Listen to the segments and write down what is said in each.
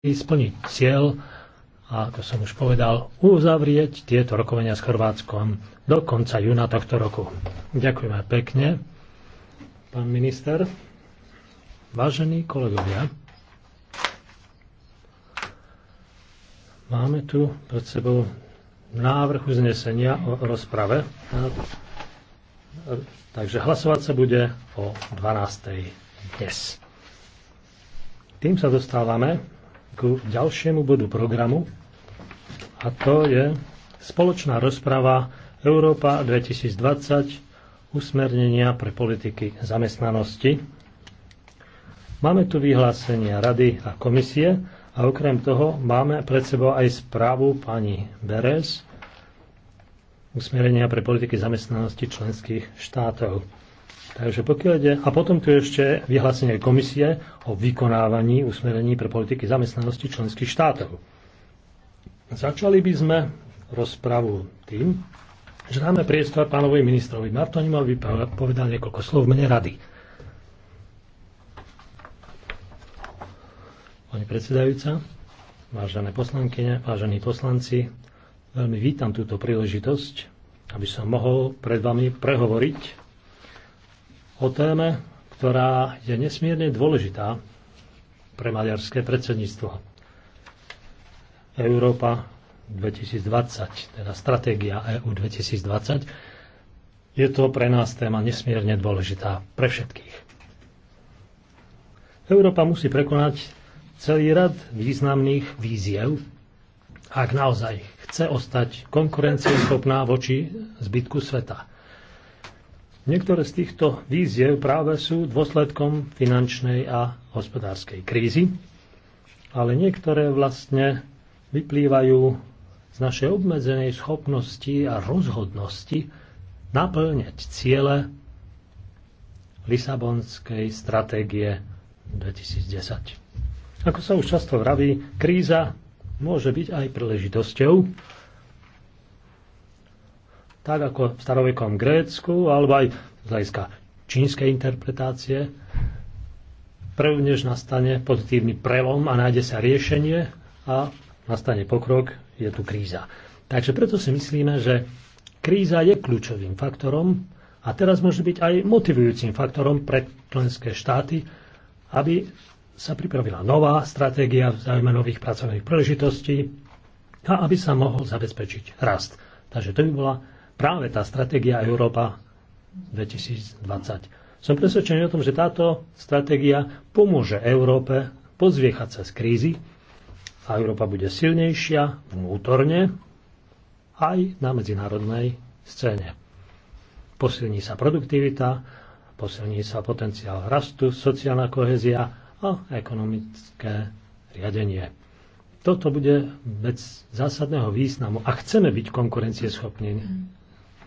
splniť cieľ a ako som už povedal, uzavrieť tieto rokovania s Chorvátskom do konca júna tohto roku. Ďakujeme pekne, pán minister. Vážení kolegovia, máme tu pred sebou návrh uznesenia o rozprave, takže hlasovať sa bude o 12.00 dnes. Tým sa dostávame ku ďalšiemu bodu programu a to je spoločná rozprava Európa 2020 usmernenia pre politiky zamestnanosti. Máme tu vyhlásenia Rady a komisie a okrem toho máme pred sebou aj správu pani Beres usmerenia pre politiky zamestnanosti členských štátov. Takže pokiaľ ide, a potom tu je ešte vyhlásenie komisie o vykonávaní usmerení pre politiky zamestnanosti členských štátov. Začali by sme rozpravu tým, že dáme priestor pánovi ministrovi Martoni, mal povedal niekoľko slov mne rady. Pani predsedajúca, vážené poslankyne, vážení poslanci, veľmi vítam túto príležitosť, aby som mohol pred vami prehovoriť o téme, ktorá je nesmierne dôležitá pre maďarské predsedníctvo. Európa 2020, teda stratégia EU 2020, je to pre nás téma nesmierne dôležitá pre všetkých. Európa musí prekonať celý rad významných víziev, ak naozaj chce ostať konkurencieschopná voči zbytku sveta. Niektoré z týchto víziev práve sú dôsledkom finančnej a hospodárskej krízy, ale niektoré vlastne vyplývajú z našej obmedzenej schopnosti a rozhodnosti naplňať ciele Lisabonskej stratégie 2010. Ako sa už často vraví, kríza môže byť aj príležitosťou, tak ako v starovekom Grécku, alebo aj z hľadiska čínskej interpretácie, prvnež nastane pozitívny prelom a nájde sa riešenie a nastane pokrok, je tu kríza. Takže preto si myslíme, že kríza je kľúčovým faktorom a teraz môže byť aj motivujúcim faktorom pre členské štáty, aby sa pripravila nová stratégia v záujme nových pracovných príležitostí a aby sa mohol zabezpečiť rast. Takže to by bola práve tá stratégia Európa 2020. Som presvedčený o tom, že táto stratégia pomôže Európe pozviechať sa z krízy a Európa bude silnejšia vnútorne aj na medzinárodnej scéne. Posilní sa produktivita, posilní sa potenciál rastu, sociálna kohezia a ekonomické riadenie. Toto bude vec zásadného významu. A chceme byť konkurencieschopní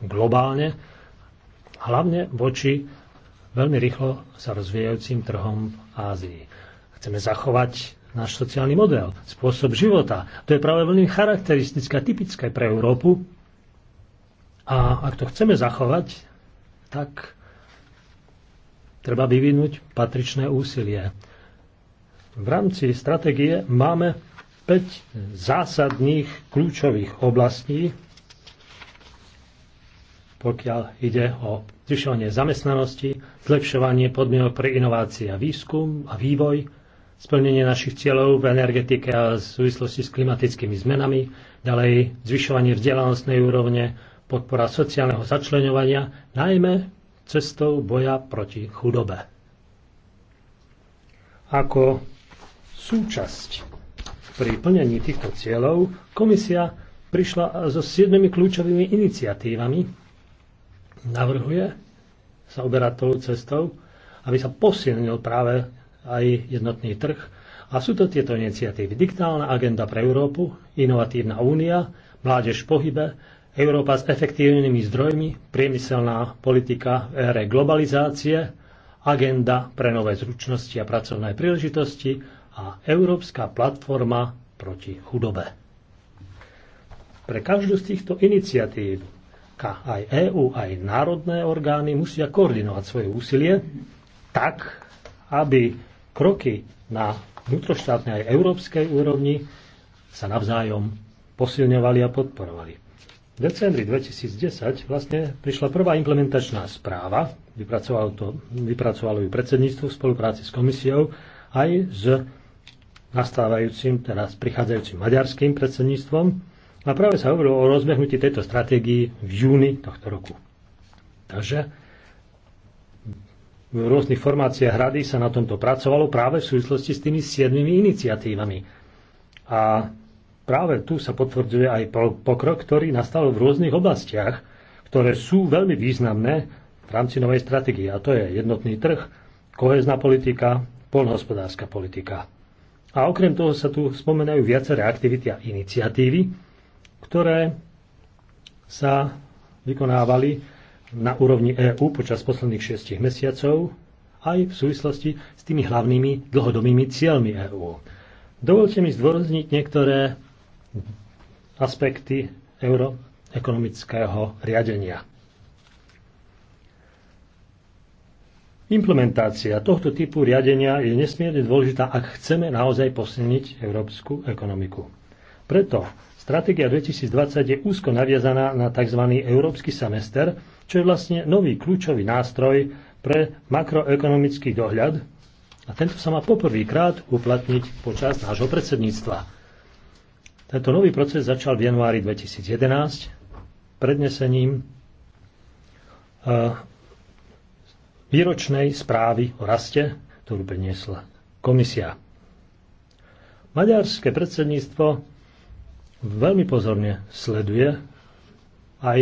globálne, hlavne voči veľmi rýchlo sa rozvíjajúcim trhom v Ázii. Chceme zachovať náš sociálny model, spôsob života. To je práve veľmi charakteristické a typické pre Európu. A ak to chceme zachovať, tak treba vyvinúť patričné úsilie. V rámci stratégie máme 5 zásadných kľúčových oblastí, pokiaľ ide o zvyšovanie zamestnanosti, zlepšovanie podmienok pre inovácie a výskum a vývoj, splnenie našich cieľov v energetike a v súvislosti s klimatickými zmenami, ďalej zvyšovanie vzdelanostnej úrovne, podpora sociálneho začlenovania, najmä cestou boja proti chudobe. Ako súčasť pri plnení týchto cieľov komisia prišla so siedmimi kľúčovými iniciatívami, navrhuje sa uberať tou cestou, aby sa posilnil práve aj jednotný trh. A sú to tieto iniciatívy. Digitálna agenda pre Európu, inovatívna únia, mládež v pohybe, Európa s efektívnymi zdrojmi, priemyselná politika v ére globalizácie, agenda pre nové zručnosti a pracovné príležitosti a Európska platforma proti chudobe. Pre každú z týchto iniciatív Európska, aj EÚ, aj národné orgány musia koordinovať svoje úsilie tak, aby kroky na vnútroštátnej aj európskej úrovni sa navzájom posilňovali a podporovali. V decembri 2010 vlastne prišla prvá implementačná správa, vypracovalo, to, vypracovalo ju predsedníctvo v spolupráci s komisiou aj s nastávajúcim, teraz prichádzajúcim maďarským predsedníctvom a práve sa hovorilo o rozbehnutí tejto stratégii v júni tohto roku. Takže v rôznych formáciách rady sa na tomto pracovalo práve v súvislosti s tými siedmými iniciatívami. A práve tu sa potvrdzuje aj pokrok, ktorý nastal v rôznych oblastiach, ktoré sú veľmi významné v rámci novej stratégie. A to je jednotný trh, kohezná politika, polnohospodárska politika. A okrem toho sa tu spomenajú viaceré aktivity a iniciatívy, ktoré sa vykonávali na úrovni EÚ počas posledných šiestich mesiacov aj v súvislosti s tými hlavnými dlhodobými cieľmi EÚ. Dovolte mi zdôrazniť niektoré aspekty euroekonomického riadenia. Implementácia tohto typu riadenia je nesmierne dôležitá, ak chceme naozaj posilniť európsku ekonomiku. Preto Stratégia 2020 je úzko naviazaná na tzv. európsky semester, čo je vlastne nový kľúčový nástroj pre makroekonomický dohľad a tento sa má poprvýkrát uplatniť počas nášho predsedníctva. Tento nový proces začal v januári 2011 prednesením e, výročnej správy o raste, ktorú priniesla komisia. Maďarské predsedníctvo veľmi pozorne sleduje aj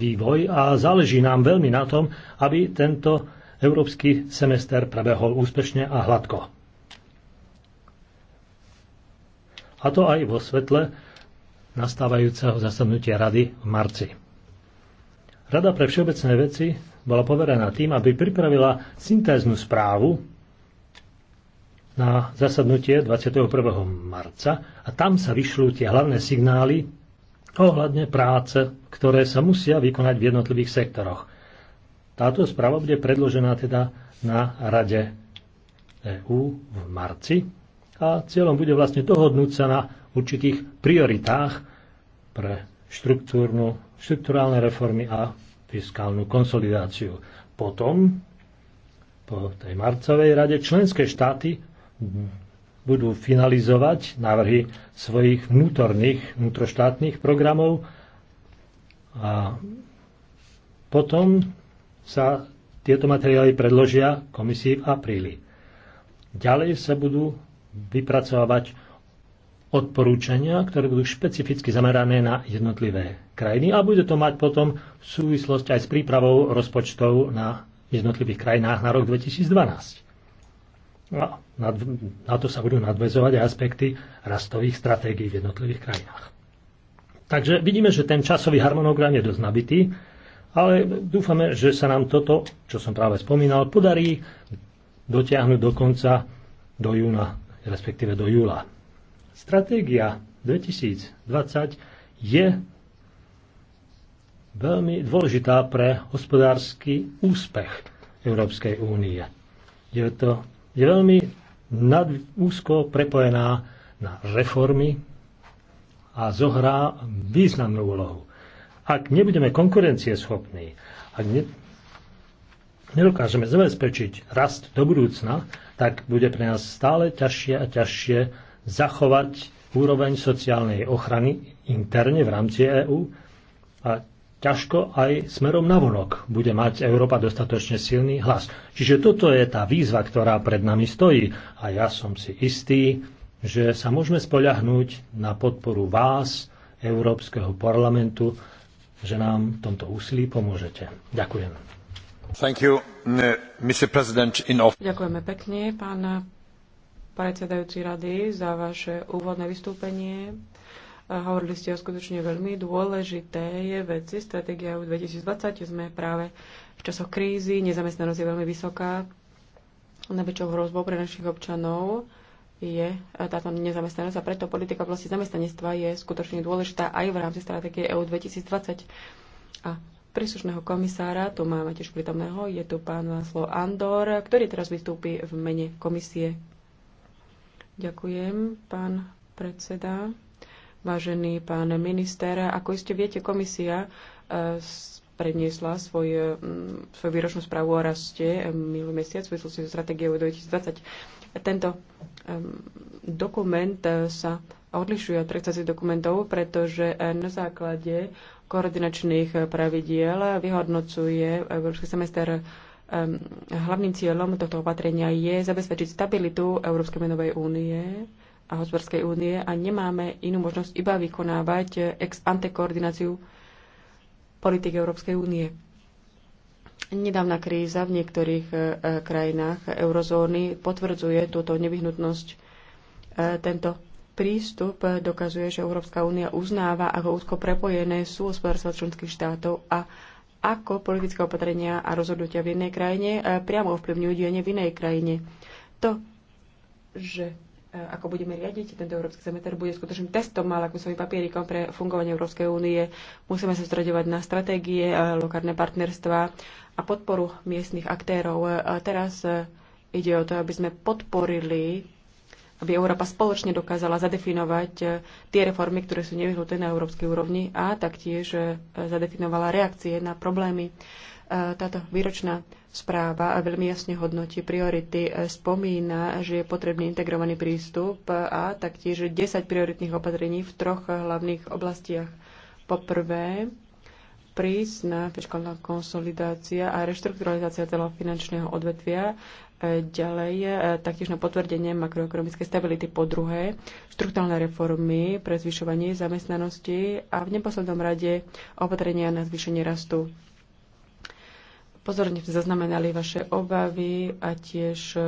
vývoj a záleží nám veľmi na tom, aby tento európsky semester prebehol úspešne a hladko. A to aj vo svetle nastávajúceho zasadnutia rady v marci. Rada pre všeobecné veci bola poverená tým, aby pripravila syntéznu správu na zasadnutie 21. marca a tam sa vyšľú tie hlavné signály ohľadne práce, ktoré sa musia vykonať v jednotlivých sektoroch. Táto správa bude predložená teda na Rade EÚ v marci a cieľom bude vlastne dohodnúť sa na určitých prioritách pre štruktúrálne reformy a fiskálnu konsolidáciu. Potom po tej marcovej rade členské štáty budú finalizovať návrhy svojich vnútorných, vnútroštátnych programov a potom sa tieto materiály predložia komisii v apríli. Ďalej sa budú vypracovať odporúčania, ktoré budú špecificky zamerané na jednotlivé krajiny a bude to mať potom súvislosť aj s prípravou rozpočtov na jednotlivých krajinách na rok 2012. No, na to sa budú nadvezovať aj aspekty rastových stratégií v jednotlivých krajinách. Takže vidíme, že ten časový harmonogram je dosť nabitý, ale dúfame, že sa nám toto, čo som práve spomínal, podarí dotiahnuť do konca do júna, respektíve do júla. Stratégia 2020 je veľmi dôležitá pre hospodársky úspech Európskej únie. Je to je veľmi nad, úzko prepojená na reformy a zohrá významnú úlohu. Ak nebudeme konkurencieschopní, ak ne, nedokážeme zabezpečiť rast do budúcna, tak bude pre nás stále ťažšie a ťažšie zachovať úroveň sociálnej ochrany interne v rámci EÚ a ťažko aj smerom vonok bude mať Európa dostatočne silný hlas. Čiže toto je tá výzva, ktorá pred nami stojí a ja som si istý, že sa môžeme spoľahnúť na podporu vás, Európskeho parlamentu, že nám v tomto úsilí pomôžete. Ďakujem. Thank you, Mr. President in office. Ďakujeme pekne, pán predsedajúci rady, za vaše úvodné vystúpenie. Hovorili ste o skutočne veľmi dôležité je veci. Stratégia EU 2020 sme práve v časoch krízy, nezamestnanosť je veľmi vysoká. Najväčšou hrozbou pre našich občanov je e, táto nezamestnanosť a preto politika v oblasti zamestnanectva je skutočne dôležitá aj v rámci stratégie EU 2020. A príslušného komisára, tu máme tiež prítomného, je tu pán Laslo Andor, ktorý teraz vystúpi v mene komisie. Ďakujem, pán predseda. Vážený pán minister, ako iste viete, komisia e, predniesla svoj, e, svoju výročnú správu o raste e, minulý mesiac v súvislosti so stratégiou 2020. Tento dokument sa odlišuje od predchádzajúcich dokumentov, pretože na základe koordinačných pravidiel vyhodnocuje Európsky semester hlavným cieľom tohto opatrenia je zabezpečiť stabilitu Európskej menovej únie a hospodárskej únie a nemáme inú možnosť iba vykonávať ex ante koordináciu politik Európskej únie. Nedávna kríza v niektorých e, krajinách eurozóny potvrdzuje túto nevyhnutnosť. E, tento prístup dokazuje, že Európska únia uznáva, ako úzko prepojené sú hospodárstva členských štátov a ako politické opatrenia a rozhodnutia v jednej krajine e, priamo ovplyvňujú dianie v inej krajine. To, že E, ako budeme riadiť tento európsky semester, bude skutočným testom, ale ako svojim papierikom pre fungovanie Európskej únie. Musíme sa stredovať na stratégie, e, lokárne partnerstva a podporu miestnych aktérov. E, a teraz ide o to, aby sme podporili, aby Európa spoločne dokázala zadefinovať tie reformy, ktoré sú nevyhnuté na európskej úrovni a taktiež zadefinovala reakcie na problémy. Táto výročná správa veľmi jasne hodnotí priority, e, spomína, že je potrebný integrovaný prístup a taktiež 10 prioritných opatrení v troch hlavných oblastiach. Poprvé, prísna fiskálna konsolidácia a reštrukturalizácia celého finančného odvetvia. E, ďalej, e, taktiež na potvrdenie makroekonomickej stability. Po druhé, štruktúrne reformy pre zvyšovanie zamestnanosti a v neposlednom rade opatrenia na zvýšenie rastu. Pozorne sme zaznamenali vaše obavy a tiež e,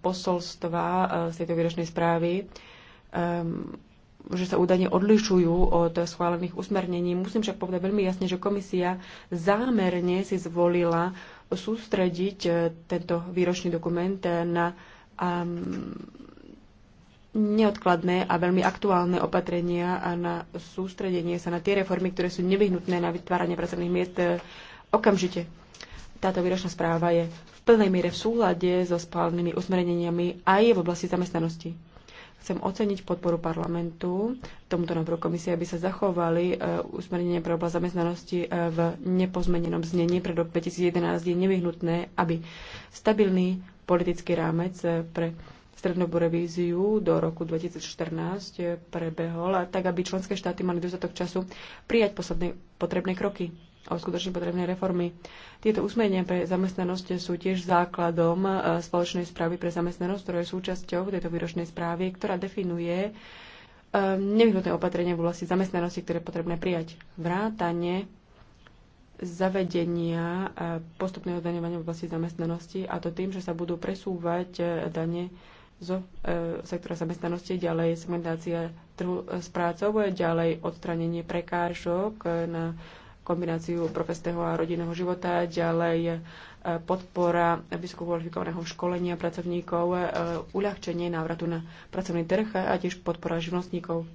posolstva e, z tejto výročnej správy, že sa údajne odlišujú od schválených usmernení. Musím však povedať veľmi jasne, že komisia zámerne si zvolila sústrediť e, tento výročný dokument na neodkladné a veľmi aktuálne opatrenia a na sústredenie sa na tie reformy, ktoré sú nevyhnutné na vytváranie pracovných miest okamžite. Táto výročná správa je v plnej miere v súlade so spálnymi usmereniami aj v oblasti zamestnanosti. Chcem oceniť podporu parlamentu tomuto návrhu komisie, aby sa zachovali e, usmernenie pre oblasť zamestnanosti e, v nepozmenenom znení pre rok 2011. Je nevyhnutné, aby stabilný politický rámec e, pre strednú revíziu do roku 2014 prebehol, tak aby členské štáty mali dostatok času prijať posledné potrebné kroky o skutočne potrebné reformy. Tieto usmernenia pre zamestnanosť sú tiež základom e, spoločnej správy pre zamestnanosť, ktorá je súčasťou tejto výročnej správy, ktorá definuje e, nevyhnutné opatrenie v oblasti zamestnanosti, ktoré je potrebné prijať. Vrátanie zavedenia e, postupného daňovania v oblasti zamestnanosti a to tým, že sa budú presúvať dane zo sektora zamestnanosti, ďalej segmentácia trhu s prácou, ďalej odstranenie prekážok na kombináciu profesného a rodinného života, ďalej e, podpora vysoko kvalifikovaného školenia pracovníkov, e, uľahčenie návratu na pracovný trh a tiež podpora živnostníkov.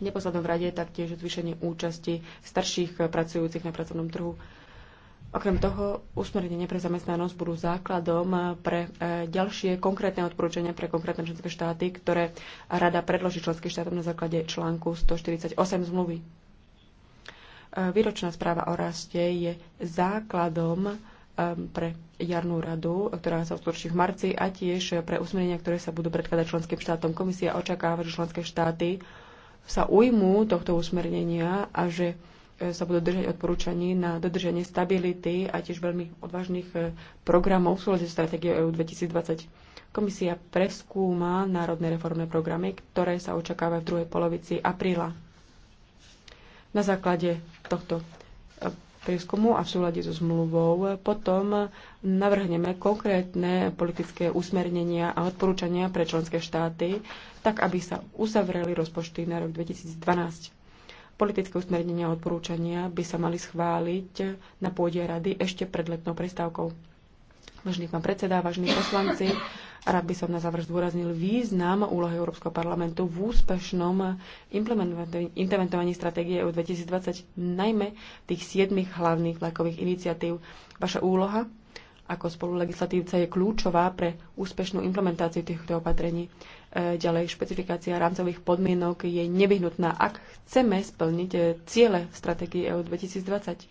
V neposlednom rade taktiež zvýšenie účasti starších pracujúcich na pracovnom trhu. Okrem toho, usmernenie pre zamestnanosť budú základom pre e, ďalšie konkrétne odporúčania pre konkrétne členské štáty, ktoré Rada predloží členským štátom na základe článku 148 zmluvy. Výročná správa o raste je základom um, pre jarnú radu, ktorá sa uskutoční v marci a tiež pre usmerenia, ktoré sa budú predkladať členským štátom. Komisia očakáva, že členské štáty sa ujmú tohto usmernenia a že e, sa budú držať odporúčaní na dodržanie stability a tiež veľmi odvážnych e, programov v súlade s stratégiou EU 2020. Komisia preskúma národné reformné programy, ktoré sa očakáva v druhej polovici apríla na základe tohto e, prieskumu a v súlade so zmluvou e, potom navrhneme konkrétne politické usmernenia a odporúčania pre členské štáty, tak aby sa uzavreli rozpočty na rok 2012. Politické usmernenia a odporúčania by sa mali schváliť na pôde rady ešte pred letnou prestávkou. Vážený pán predseda, vážení poslanci, Rád by som na záver zdôraznil význam úlohy Európskeho parlamentu v úspešnom implementovaní stratégie EU 2020, najmä tých siedmých hlavných vlakových iniciatív. Vaša úloha ako spolulegislatívca je kľúčová pre úspešnú implementáciu týchto opatrení. E, ďalej, špecifikácia rámcových podmienok je nevyhnutná, ak chceme splniť e, ciele stratégie EU 2020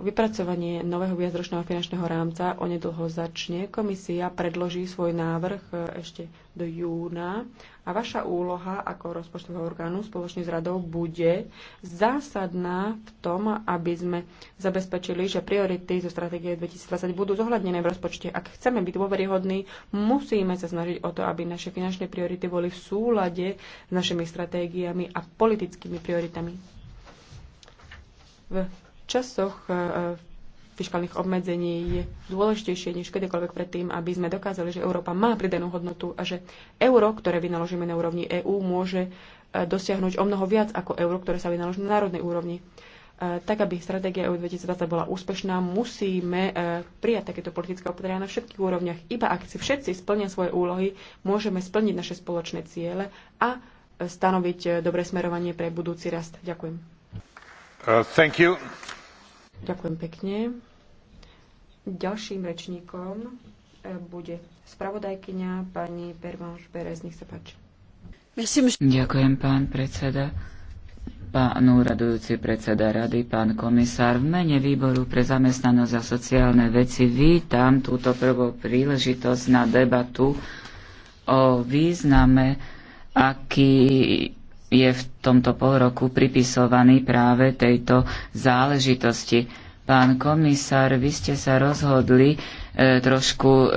Vypracovanie nového viacročného finančného rámca onedlho začne. Komisia predloží svoj návrh e, ešte do júna a vaša úloha ako rozpočtového orgánu spoločne s radou bude zásadná v tom, aby sme zabezpečili, že priority zo stratégie 2020 budú zohľadnené v rozpočte. Ak chceme byť dôveryhodní, musíme sa snažiť o to, aby naše finančné priority boli v súlade s našimi stratégiami a politickými prioritami. V časoch e, e, fiskálnych obmedzení je dôležitejšie než kedykoľvek predtým, aby sme dokázali, že Európa má pridanú hodnotu a že euro, ktoré vynaložíme na úrovni EÚ, môže e, dosiahnuť o mnoho viac ako euro, ktoré sa vynaloží na národnej úrovni. Tak, aby stratégia EU 2020 bola úspešná, musíme prijať takéto politické opatrenia na všetkých úrovniach. Iba ak si všetci splnia svoje úlohy, môžeme splniť naše spoločné ciele a stanoviť dobré smerovanie pre budúci rast. Ďakujem. Uh, thank you. Ďakujem pekne. Ďalším rečníkom e, bude spravodajkyňa pani Pervanš Berez. Nech sa páči. Ďakujem, pán predseda. Pán úradujúci predseda rady, pán komisár, v mene výboru pre zamestnanosť a sociálne veci vítam túto prvú príležitosť na debatu o význame, aký je v tomto pol roku pripisovaný práve tejto záležitosti. Pán komisár, vy ste sa rozhodli e, trošku e,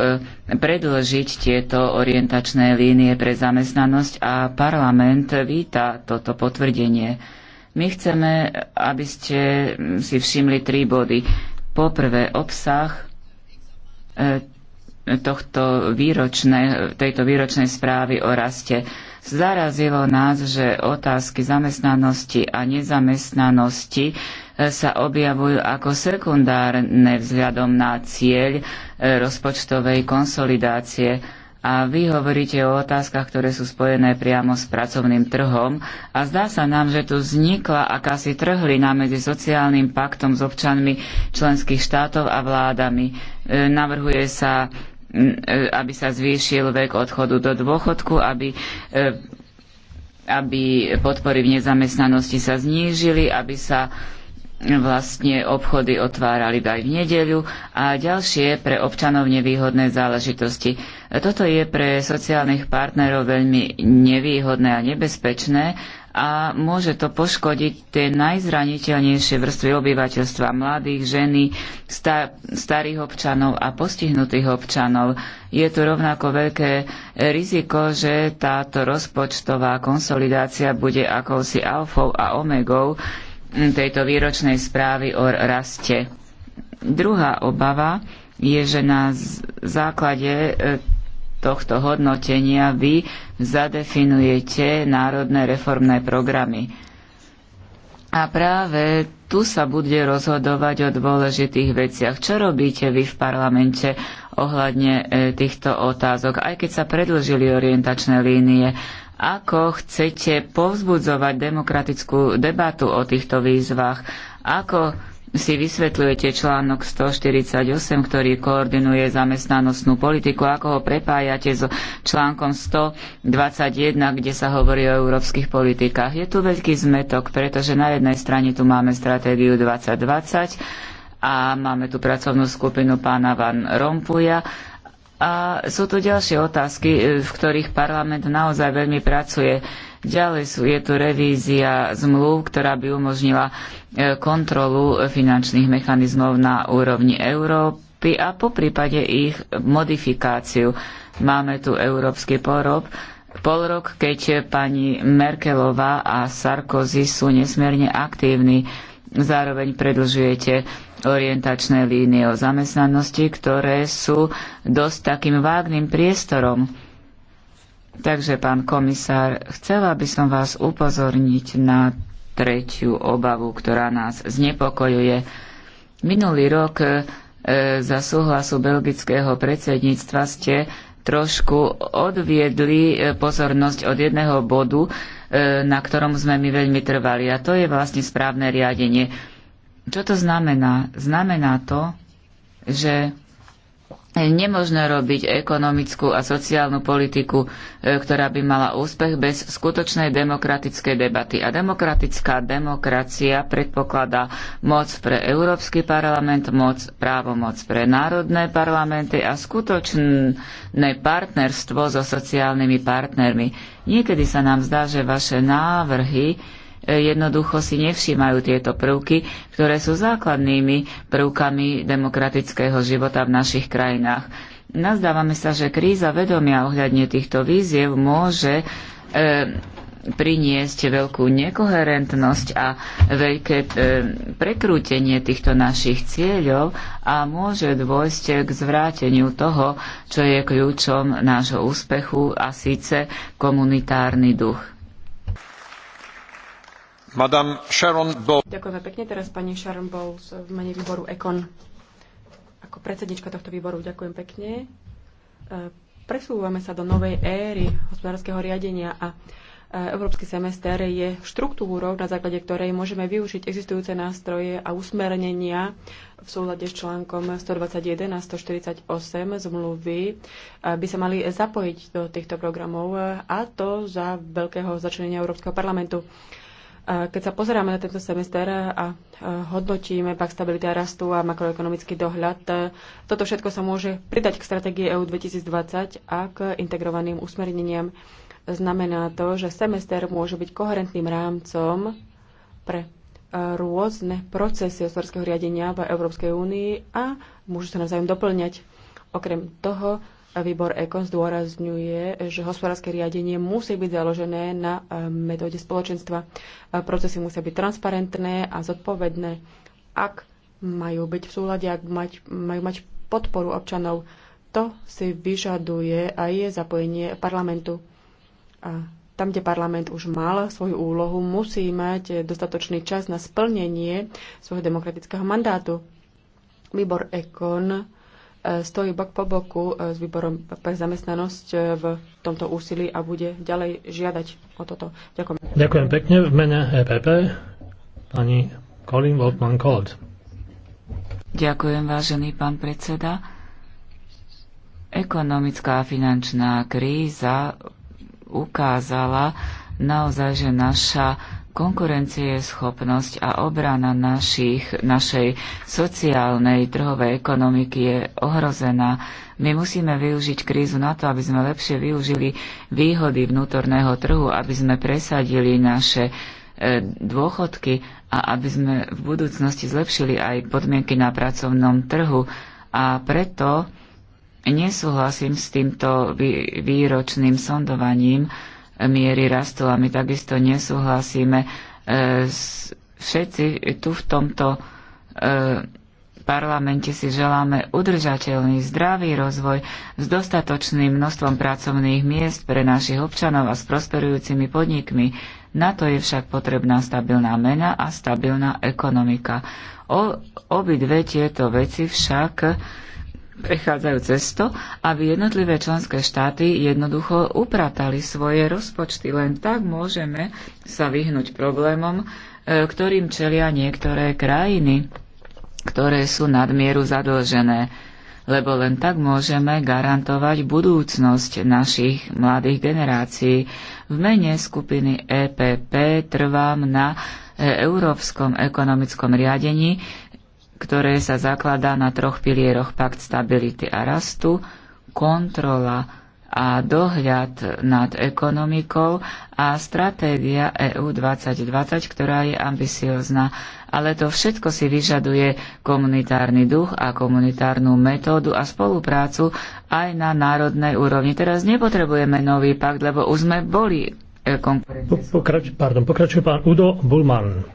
predlžiť tieto orientačné línie pre zamestnanosť a parlament víta toto potvrdenie. My chceme, aby ste si všimli tri body. Poprvé, obsah e, tohto výročné, tejto výročnej správy o raste Zarazilo nás, že otázky zamestnanosti a nezamestnanosti e, sa objavujú ako sekundárne vzhľadom na cieľ e, rozpočtovej konsolidácie. A vy hovoríte o otázkach, ktoré sú spojené priamo s pracovným trhom. A zdá sa nám, že tu vznikla akási trhlina medzi sociálnym paktom s občanmi členských štátov a vládami. E, navrhuje sa Mm, e, aby sa zvýšil vek odchodu do dôchodku, aby e, aby podpory v nezamestnanosti sa znížili, aby sa vlastne obchody otvárali aj v nedeľu a ďalšie pre občanov nevýhodné záležitosti. Toto je pre sociálnych partnerov veľmi nevýhodné a nebezpečné a môže to poškodiť tie najzraniteľnejšie vrstvy obyvateľstva, mladých, ženy, star- starých občanov a postihnutých občanov. Je tu rovnako veľké riziko, že táto rozpočtová konsolidácia bude akousi alfou a omegou tejto výročnej správy o raste. Druhá obava je, že na základe e, tohto hodnotenia vy zadefinujete národné reformné programy. A práve tu sa bude rozhodovať o dôležitých veciach. Čo robíte vy v parlamente ohľadne e, týchto otázok? Aj keď sa predlžili orientačné línie, ako chcete povzbudzovať demokratickú debatu o týchto výzvach? Ako si vysvetľujete článok 148, ktorý koordinuje zamestnanostnú politiku, ako ho prepájate so článkom 121, kde sa hovorí o európskych politikách. Je tu veľký zmetok, pretože na jednej strane tu máme stratégiu 2020 a máme tu pracovnú skupinu pána Van Rompuja a sú tu ďalšie otázky, v ktorých parlament naozaj veľmi pracuje Ďalej sú, je tu revízia zmluv, ktorá by umožnila e, kontrolu finančných mechanizmov na úrovni Európy a po prípade ich modifikáciu. Máme tu Európsky porob. pol rok, keď pani Merkelová a Sarkozy sú nesmierne aktívni. Zároveň predlžujete orientačné línie o zamestnanosti, ktoré sú dosť takým vágným priestorom Takže, pán komisár, chcela by som vás upozorniť na tretiu obavu, ktorá nás znepokojuje. Minulý rok e, za súhlasu belgického predsedníctva ste trošku odviedli e, pozornosť od jedného bodu, e, na ktorom sme my veľmi trvali. A to je vlastne správne riadenie. Čo to znamená? Znamená to, že Nemožno robiť ekonomickú a sociálnu politiku, e, ktorá by mala úspech bez skutočnej demokratickej debaty. A demokratická demokracia predpokladá moc pre Európsky parlament, moc, právomoc pre národné parlamenty a skutočné partnerstvo so sociálnymi partnermi. Niekedy sa nám zdá, že vaše návrhy jednoducho si nevšímajú tieto prvky, ktoré sú základnými prvkami demokratického života v našich krajinách. Nazdávame sa, že kríza vedomia ohľadne týchto víziev môže e, priniesť veľkú nekoherentnosť a veľké e, prekrútenie týchto našich cieľov a môže dôjsť k zvráteniu toho, čo je kľúčom nášho úspechu a síce komunitárny duch. Ďakujeme pekne. Teraz pani Sharon Bowles v mene výboru ECON. Ako predsednička tohto výboru ďakujem pekne. E, presúvame sa do novej éry hospodárskeho riadenia a e, Európsky semester je štruktúrou, na základe ktorej môžeme využiť existujúce nástroje a usmernenia v súlade s článkom 121 a 148 zmluvy e, by sa mali zapojiť do týchto programov a to za veľkého začlenenia Európskeho parlamentu. Keď sa pozeráme na tento semester a hodnotíme pak stabilita rastu a makroekonomický dohľad, e, toto všetko sa môže pridať k stratégii EU 2020 a k integrovaným usmerneniam. Znamená to, že semester môže byť koherentným rámcom pre e, rôzne procesy hospodárskeho riadenia v Európskej únii a môžu sa navzájom doplňať. Okrem toho Výbor EKON zdôrazňuje, že hospodárske riadenie musí byť založené na e, metóde spoločenstva. E, procesy musia byť transparentné a zodpovedné. Ak majú byť v súlade, ak mať, majú mať podporu občanov, to si vyžaduje aj zapojenie parlamentu. A tam, kde parlament už mal svoju úlohu, musí mať dostatočný čas na splnenie svojho demokratického mandátu. Výbor EKON stojí bok po boku e, s výborom pre zamestnanosť e, v tomto úsilí a bude ďalej žiadať o toto. Ďakujem. Ďakujem pekne. V mene EPP pani Colin Wolfman Cold. Ďakujem, vážený pán predseda. Ekonomická a finančná kríza ukázala naozaj, že naša je schopnosť a obrana našich, našej sociálnej trhovej ekonomiky je ohrozená. My musíme využiť krízu na to, aby sme lepšie využili výhody vnútorného trhu, aby sme presadili naše e, dôchodky a aby sme v budúcnosti zlepšili aj podmienky na pracovnom trhu. A preto nesúhlasím s týmto výročným sondovaním, miery rastu a my takisto nesúhlasíme. E, všetci tu v tomto e, parlamente si želáme udržateľný, zdravý rozvoj s dostatočným množstvom pracovných miest pre našich občanov a s prosperujúcimi podnikmi. Na to je však potrebná stabilná mena a stabilná ekonomika. O, obidve tieto veci však prechádzajú cesto, aby jednotlivé členské štáty jednoducho upratali svoje rozpočty. Len tak môžeme sa vyhnúť problémom, e, ktorým čelia niektoré krajiny, ktoré sú nadmieru zadlžené, lebo len tak môžeme garantovať budúcnosť našich mladých generácií. V mene skupiny EPP trvám na e, európskom ekonomickom riadení, ktoré sa zakladá na troch pilieroch pakt stability a rastu, kontrola a dohľad nad ekonomikou a stratégia EU 2020, ktorá je ambiciozná. Ale to všetko si vyžaduje komunitárny duch a komunitárnu metódu a spoluprácu aj na národnej úrovni. Teraz nepotrebujeme nový pakt, lebo už sme boli e, konkurencie. Pokrač, pardon, pokračuje pán Udo Bulman.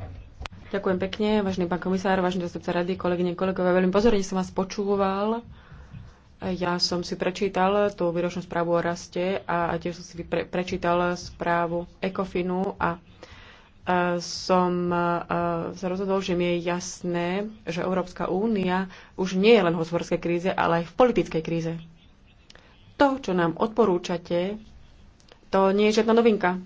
Ďakujem pekne, vážny pán komisár, vážny zastupca rady, kolegyne, kolegovia. Veľmi pozorne som vás počúval. Ja som si prečítal tú výročnú správu o raste a tiež som si pre, prečítal správu ecofinu a, e, som e, sa rozhodol, že mi je jasné, že Európska únia už nie je len v hospodárskej kríze, ale aj v politickej kríze. To, čo nám odporúčate, to nie je žiadna novinka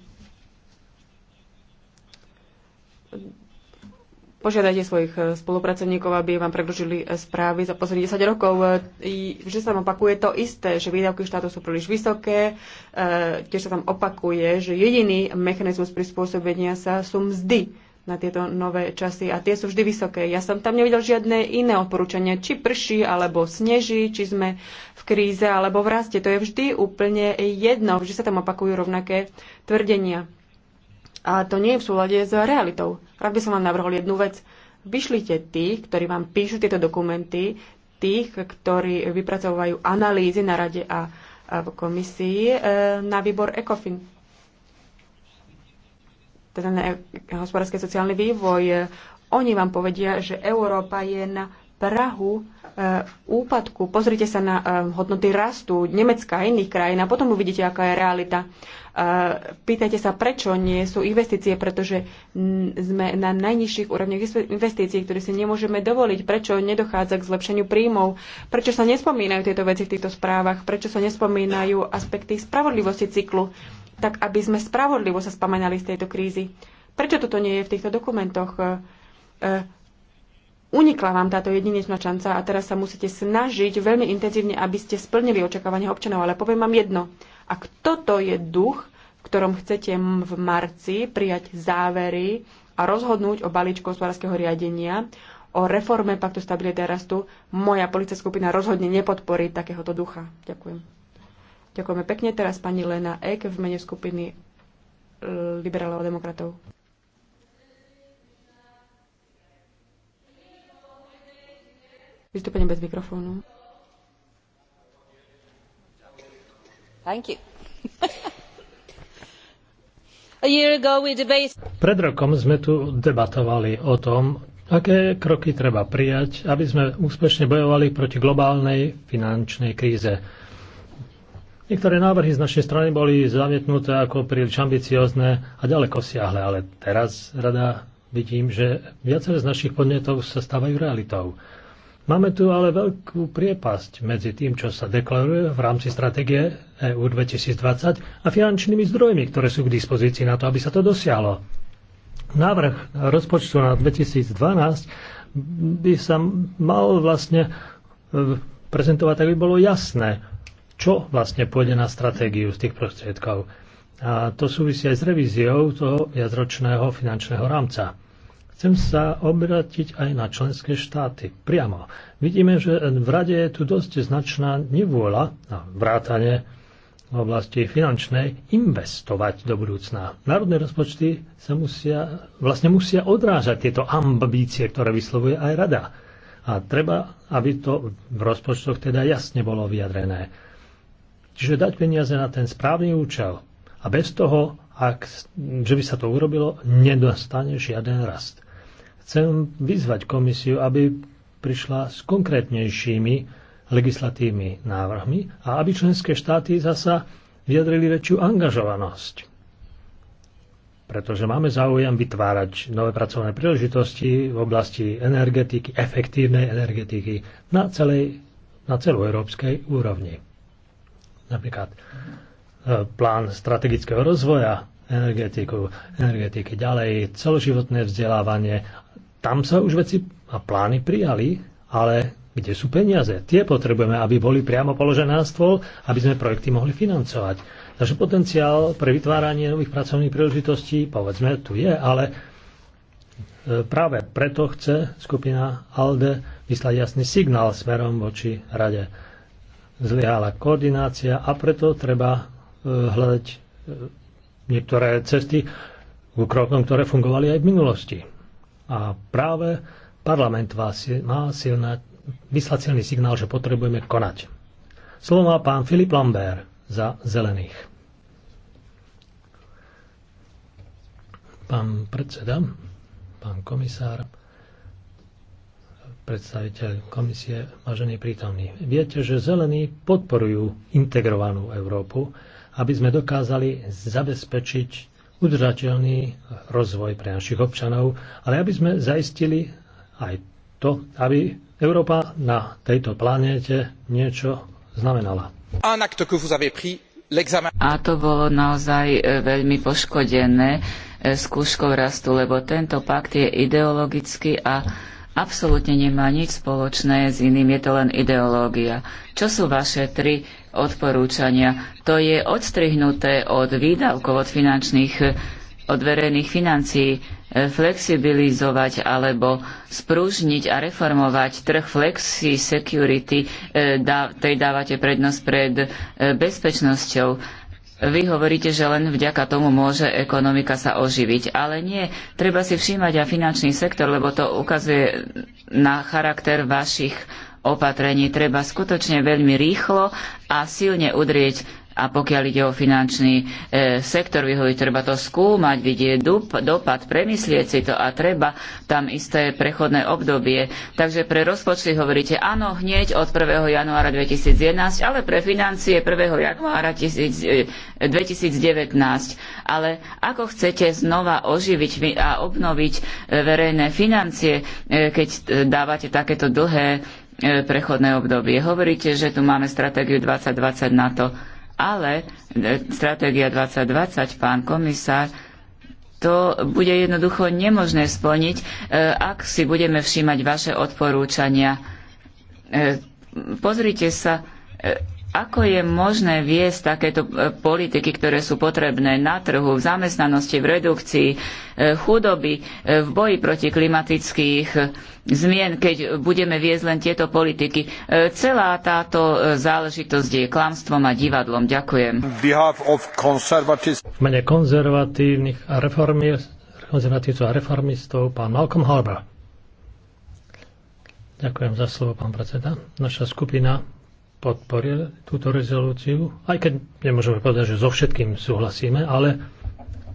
Požiadajte svojich e, spolupracovníkov, aby vám predložili e, správy za posledných 10 rokov. Vždy e, sa tam opakuje to isté, že výdavky štátu sú príliš vysoké. Tiež sa tam opakuje, že jediný mechanizmus prispôsobenia sa sú mzdy na tieto nové časy a tie sú vždy vysoké. Ja som tam nevidel žiadne iné odporúčania, či prší, alebo sneží, či sme v kríze, alebo v raste. To je vždy úplne jedno, že sa tam opakujú rovnaké tvrdenia. A to nie je v súlade s realitou. Rád by som vám navrhol jednu vec. Vyšlite tých, ktorí vám píšu tieto dokumenty, tých, ktorí vypracovajú analýzy na rade a v komisii e, na výbor ECOFIN. Teda na e, hospodársky sociálny vývoj. E, oni vám povedia, že Európa je na Prahu úpadku. Pozrite sa na hodnoty rastu Nemecka a iných krajín a potom uvidíte, aká je realita. Pýtajte sa, prečo nie sú investície, pretože sme na najnižších úrovniach investícií, ktoré si nemôžeme dovoliť, prečo nedochádza k zlepšeniu príjmov, prečo sa nespomínajú tieto veci v týchto správach, prečo sa nespomínajú aspekty spravodlivosti cyklu, tak aby sme spravodlivo sa spomenali z tejto krízy. Prečo toto nie je v týchto dokumentoch? E, e, unikla vám táto jedinečná šanca a teraz sa musíte snažiť veľmi intenzívne, aby ste splnili očakávania občanov. Ale poviem vám jedno. A toto je duch, v ktorom chcete v marci prijať závery a rozhodnúť o balíčku hospodárskeho riadenia, o reforme paktu stability a rastu, moja politická skupina rozhodne nepodporí takéhoto ducha. Ďakujem. Ďakujeme pekne. Teraz pani Lena Ek v mene skupiny e, liberálov a demokratov. Vystúpenie bez mikrofónu. Pred rokom sme tu debatovali o tom, aké kroky treba prijať, aby sme úspešne bojovali proti globálnej finančnej kríze. Niektoré návrhy z našej strany boli zamietnuté ako príliš ambiciozne a ďaleko siahle, ale teraz rada vidím, že viaceré z našich podnetov sa stávajú realitou. Máme tu ale veľkú priepasť medzi tým, čo sa deklaruje v rámci stratégie EU 2020 a finančnými zdrojmi, ktoré sú k dispozícii na to, aby sa to dosiahlo. Návrh rozpočtu na 2012 by sa mal vlastne e, prezentovať, aby bolo jasné, čo vlastne pôjde na stratégiu z tých prostriedkov. A to súvisí aj s revíziou toho jazročného finančného rámca. Chcem sa obrátiť aj na členské štáty. Priamo. Vidíme, že v rade je tu dosť značná nevôľa na vrátanie v oblasti finančnej investovať do budúcna. Národné rozpočty sa musia, vlastne musia odrážať tieto ambície, ktoré vyslovuje aj rada. A treba, aby to v rozpočtoch teda jasne bolo vyjadrené. Čiže dať peniaze na ten správny účel. A bez toho, ak, že by sa to urobilo, nedostane žiaden rast. Chcem vyzvať komisiu, aby prišla s konkrétnejšími legislatívnymi návrhmi a aby členské štáty zasa vyjadrili väčšiu angažovanosť pretože máme záujem vytvárať nové pracovné príležitosti v oblasti energetiky, efektívnej energetiky na, celej, na celú európskej úrovni. Napríklad e, plán strategického rozvoja energetiku, energetiky, ďalej celoživotné vzdelávanie tam sa už veci a plány prijali, ale kde sú peniaze. Tie potrebujeme, aby boli priamo položené na stôl, aby sme projekty mohli financovať. Takže potenciál pre vytváranie nových pracovných príležitostí, povedzme, tu je, ale e, práve preto chce skupina ALDE vyslať jasný signál smerom voči rade. Zlyhala koordinácia a preto treba e, hľadať e, niektoré cesty k krokom, ktoré fungovali aj v minulosti. A práve parlament vás má silná, vyslať silný signál, že potrebujeme konať. Slovo má pán Filip Lambert za zelených. Pán predseda, pán komisár, predstaviteľ komisie, vážení prítomní. Viete, že zelení podporujú integrovanú Európu, aby sme dokázali zabezpečiť udržateľný rozvoj pre našich občanov, ale aby sme zaistili aj to, aby Európa na tejto planéte niečo znamenala. A to bolo naozaj e, veľmi poškodené e, skúškou rastu, lebo tento pakt je ideologický a absolútne nemá nič spoločné s iným, je to len ideológia. Čo sú vaše tri odporúčania. To je odstrihnuté od výdavkov, od finančných, od verejných financií flexibilizovať alebo spružniť a reformovať trh flexi security, eh, tej dávate prednosť pred eh, bezpečnosťou. Vy hovoríte, že len vďaka tomu môže ekonomika sa oživiť, ale nie. Treba si všímať aj finančný sektor, lebo to ukazuje na charakter vašich opatrení treba skutočne veľmi rýchlo a silne udrieť a pokiaľ ide o finančný e, sektor, vyhoviť treba to skúmať, vidieť dopad, premyslieť si to a treba tam isté prechodné obdobie. Takže pre rozpočty hovoríte áno hneď od 1. januára 2011, ale pre financie 1. januára 2019. E, ale ako chcete znova oživiť a obnoviť e, verejné financie, e, keď dávate takéto dlhé E, prechodné obdobie. Hovoríte, že tu máme stratégiu 2020 na to, ale e, stratégia 2020, pán komisár, to bude jednoducho nemožné splniť, e, ak si budeme všímať vaše odporúčania. Pozrite sa, ako je možné viesť takéto e, politiky, ktoré sú potrebné na trhu, v zamestnanosti, v redukcii e, chudoby, e, v boji proti klimatických zmien, keď budeme viesť len tieto politiky? Celá táto záležitosť je klamstvom a divadlom. Ďakujem. V mene konzervatívnych a reformi, konzervatívcov a reformistov pán Malcolm Harbour. Ďakujem za slovo, pán predseda. Naša skupina podporil túto rezolúciu, aj keď nemôžeme povedať, že so všetkým súhlasíme, ale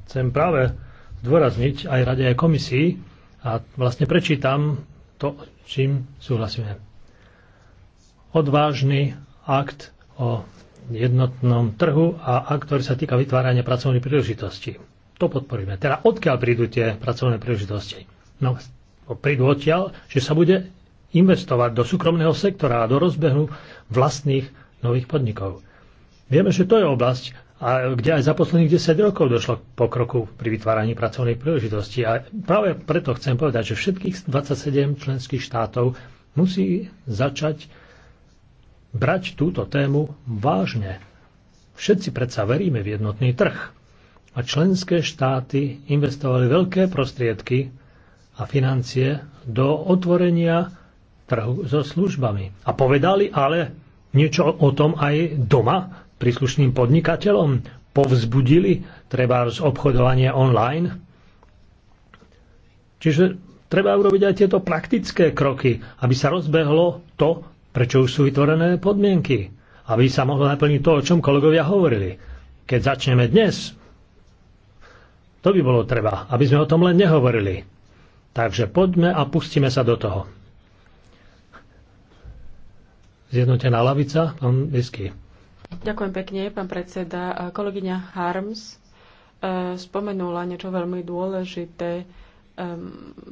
chcem práve zdôrazniť aj rade, aj komisii a vlastne prečítam to, čím súhlasíme. Odvážny akt o jednotnom trhu a akt, ktorý sa týka vytvárania pracovných príležitostí. To podporíme. Teda odkiaľ prídu tie pracovné príležitosti? No, prídu odtiaľ, že sa bude investovať do súkromného sektora a do rozbehu vlastných nových podnikov. Vieme, že to je oblasť, a kde aj za posledných 10 rokov došlo k pokroku pri vytváraní pracovnej príležitosti. A práve preto chcem povedať, že všetkých 27 členských štátov musí začať brať túto tému vážne. Všetci predsa veríme v jednotný trh. A členské štáty investovali veľké prostriedky a financie do otvorenia trhu so službami. A povedali ale niečo o tom aj doma príslušným podnikateľom? Povzbudili treba z obchodovanie online? Čiže treba urobiť aj tieto praktické kroky, aby sa rozbehlo to, prečo už sú vytvorené podmienky. Aby sa mohlo naplniť to, o čom kolegovia hovorili. Keď začneme dnes, to by bolo treba, aby sme o tom len nehovorili. Takže poďme a pustíme sa do toho. Zjednotená lavica, pán Vesky. Ďakujem pekne, pán predseda. Kolegyňa Harms e, spomenula niečo veľmi dôležité.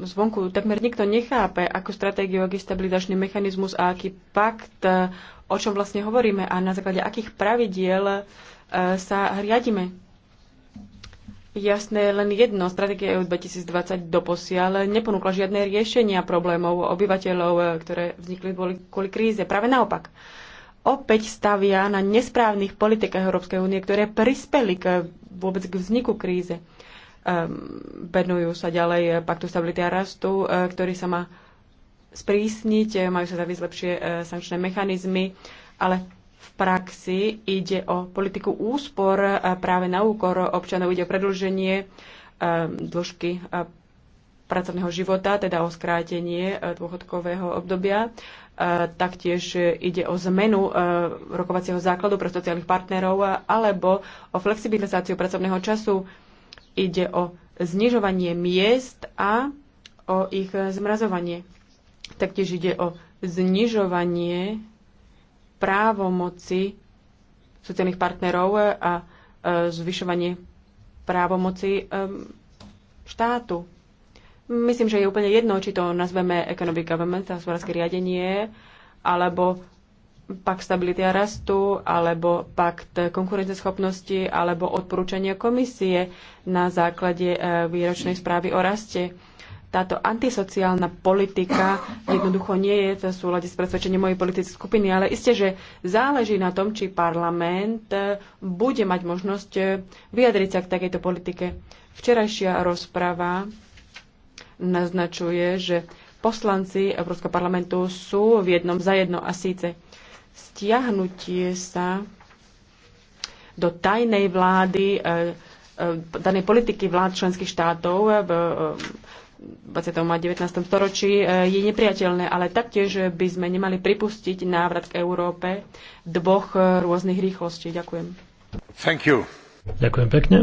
Zvonku takmer nikto nechápe, ako stratégiu, aký stabilizačný mechanizmus a aký pakt, e, o čom vlastne hovoríme a na základe akých pravidiel e, sa riadime jasné len jedno. Stratégia EU 2020 doposiaľ neponúkla žiadne riešenia problémov obyvateľov, e, ktoré vznikli kvôli kríze. Práve naopak. Opäť stavia na nesprávnych politikách Európskej únie, ktoré prispeli k, vôbec k vzniku kríze. Ehm, venujú sa ďalej paktu stability a rastu, e, ktorý sa má sprísniť, e, majú sa zaviesť lepšie sankčné mechanizmy, ale v praxi ide o politiku úspor práve na úkor občanov, ide o predlženie e, dĺžky e, pracovného života, teda o skrátenie e, dôchodkového obdobia. Taktiež ide o zmenu rokovacieho základu pre sociálnych partnerov alebo o flexibilizáciu pracovného času. Ide o znižovanie miest a o ich zmrazovanie. Taktiež ide o znižovanie právomoci sociálnych partnerov a zvyšovanie právomoci štátu. Myslím, že je úplne jedno, či to nazveme economic government, hospodárske riadenie, alebo pakt stability a rastu, alebo pakt konkurenceschopnosti, alebo odporúčania komisie na základe e, výročnej správy o raste táto antisociálna politika jednoducho nie je v súlade s presvedčením mojej politickej skupiny, ale isté, že záleží na tom, či parlament eh, bude mať možnosť eh, vyjadriť sa k takejto politike. Včerajšia rozprava naznačuje, že poslanci Európskeho parlamentu sú v jednom za jedno a síce stiahnutie sa do tajnej vlády, eh, danej politiky vlád členských štátov v 20. a 19. storočí e, je nepriateľné, ale taktiež by sme nemali pripustiť návrat k Európe dvoch e, rôznych rýchlostí. Ďakujem. Thank you. Ďakujem pekne.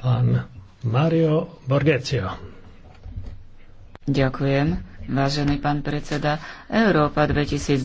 Pán Mario Borgecio. Ďakujem. Vážený pán predseda, Európa 2020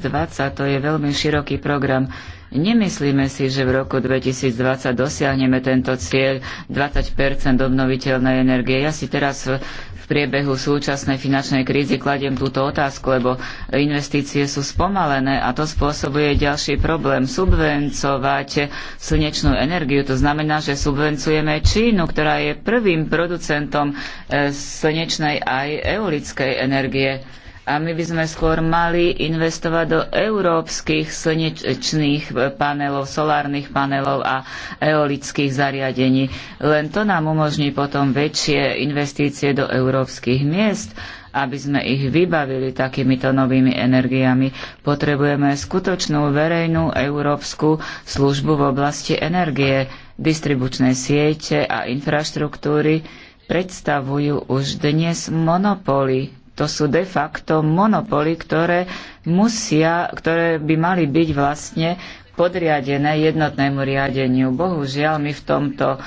to je veľmi široký program. Nemyslíme si, že v roku 2020 dosiahneme tento cieľ 20 obnoviteľnej energie. Ja si teraz v priebehu súčasnej finančnej krízy kladiem túto otázku, lebo investície sú spomalené a to spôsobuje ďalší problém. Subvencovať slnečnú energiu, to znamená, že subvencujeme Čínu, ktorá je prvým producentom e, slnečnej aj eolickej energie a my by sme skôr mali investovať do európskych slnečných panelov, solárnych panelov a eolických zariadení. Len to nám umožní potom väčšie investície do európskych miest aby sme ich vybavili takýmito novými energiami. Potrebujeme skutočnú verejnú európsku službu v oblasti energie. Distribučné siete a infraštruktúry predstavujú už dnes monopoly to sú de facto monopoly, ktoré musia, ktoré by mali byť vlastne podriadené jednotnému riadeniu. Bohužiaľ, my v tomto e,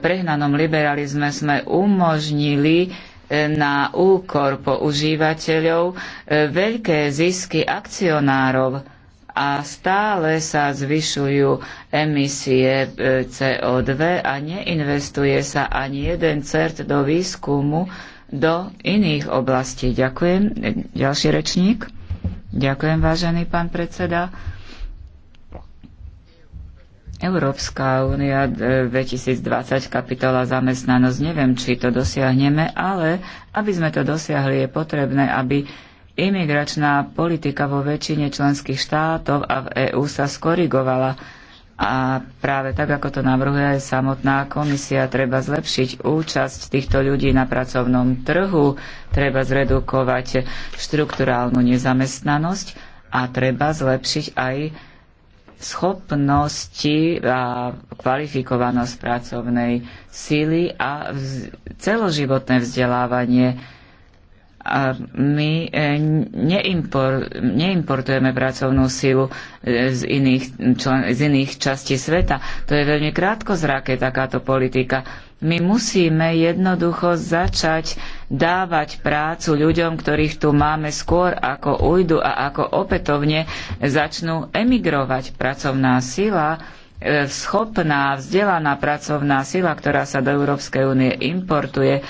prehnanom liberalizme sme umožnili e, na úkor používateľov e, veľké zisky akcionárov a stále sa zvyšujú emisie CO2 a neinvestuje sa ani jeden cert do výskumu, do iných oblastí. Ďakujem. Ďalší rečník. Ďakujem, vážený pán predseda. Európska únia 2020 e, kapitola zamestnanosť, neviem, či to dosiahneme, ale aby sme to dosiahli, je potrebné, aby imigračná politika vo väčšine členských štátov a v EÚ sa skorigovala a práve tak, ako to navrhuje aj samotná komisia, treba zlepšiť účasť týchto ľudí na pracovnom trhu, treba zredukovať štruktúrálnu nezamestnanosť a treba zlepšiť aj schopnosti a kvalifikovanosť pracovnej síly a celoživotné vzdelávanie a my e, neimpor, neimportujeme pracovnú silu e, z iných, člen, z iných častí sveta. To je veľmi krátkozraké takáto politika. My musíme jednoducho začať dávať prácu ľuďom, ktorých tu máme skôr, ako ujdu a ako opätovne začnú emigrovať. Pracovná sila e, schopná, vzdelaná pracovná sila, ktorá sa do Európskej únie importuje,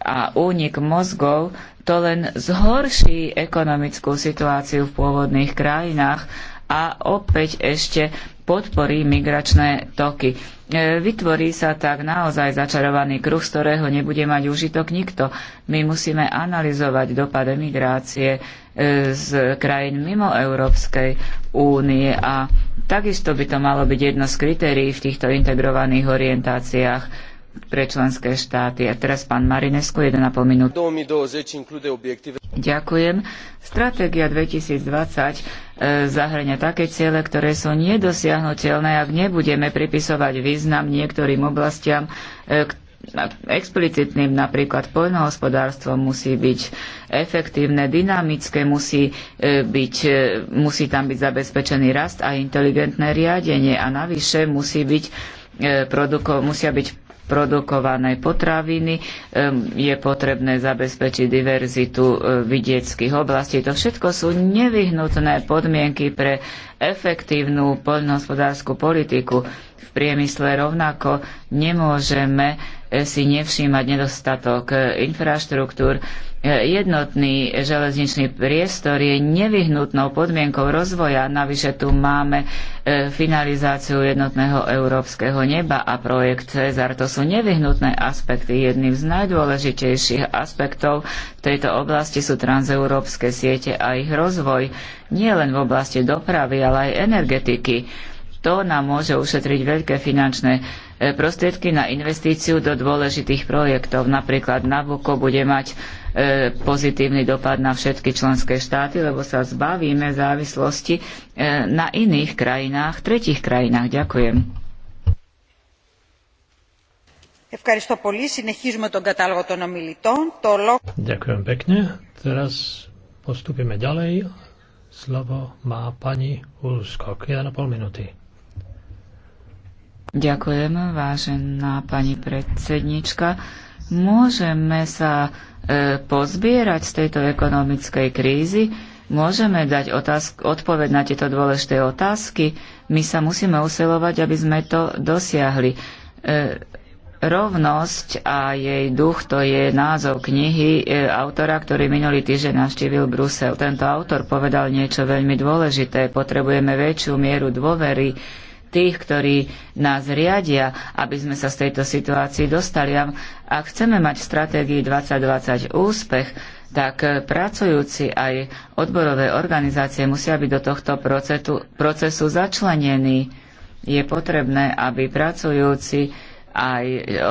a únik mozgov, to len zhorší ekonomickú situáciu v pôvodných krajinách a opäť ešte podporí migračné toky. E, vytvorí sa tak naozaj začarovaný kruh, z ktorého nebude mať užitok nikto. My musíme analyzovať dopad emigrácie e, z krajín mimo Európskej únie a takisto by to malo byť jedno z kritérií v týchto integrovaných orientáciách pre členské štáty. A teraz pán Marinesko, 1,5 minút. 2020 include obiective... Ďakujem. Stratégia 2020 e, zahrania také ciele, ktoré sú nedosiahnutelné, ak nebudeme pripisovať význam niektorým oblastiam, e, explicitným napríklad poľnohospodárstvo musí byť efektívne, dynamické, musí, e, byť, e, musí tam byť zabezpečený rast a inteligentné riadenie a navyše musí byť, produko, musia byť produkovanej potraviny, je potrebné zabezpečiť diverzitu e, vidieckých oblastí. To všetko sú nevyhnutné podmienky pre efektívnu poľnohospodárskú politiku. V priemysle rovnako nemôžeme si nevšímať nedostatok e, infraštruktúr. E, jednotný železničný priestor je nevyhnutnou podmienkou rozvoja. Navyše tu máme e, finalizáciu jednotného európskeho neba a projekt Cezar. To sú nevyhnutné aspekty. Jedným z najdôležitejších aspektov v tejto oblasti sú transeurópske siete a ich rozvoj nie len v oblasti dopravy, ale aj energetiky. To nám môže ušetriť veľké finančné E, prostriedky na investíciu do dôležitých projektov. Napríklad Nabucco bude mať e, pozitívny dopad na všetky členské štáty, lebo sa zbavíme závislosti e, na iných krajinách, tretich krajinách. Ďakujem. Ďakujem pekne. Teraz postupíme ďalej. Slovo má pani Ulskok. 1,5 minúty. Ďakujem, vážená pani predsednička. Môžeme sa e, pozbierať z tejto ekonomickej krízy, môžeme dať otázk, odpoveď na tieto dôležité otázky. My sa musíme usilovať, aby sme to dosiahli. E, rovnosť a jej duch, to je názov knihy e, autora, ktorý minulý týždeň navštívil Brusel. Tento autor povedal niečo veľmi dôležité. Potrebujeme väčšiu mieru dôvery tých, ktorí nás riadia, aby sme sa z tejto situácii dostali. A ak chceme mať v stratégii 2020 úspech, tak pracujúci aj odborové organizácie musia byť do tohto procesu, procesu začlenení. Je potrebné, aby pracujúci aj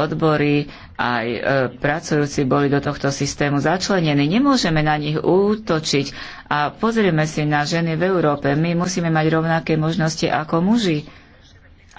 odbory, aj e, pracujúci boli do tohto systému začlenení. Nemôžeme na nich útočiť. A pozrieme si na ženy v Európe. My musíme mať rovnaké možnosti ako muži.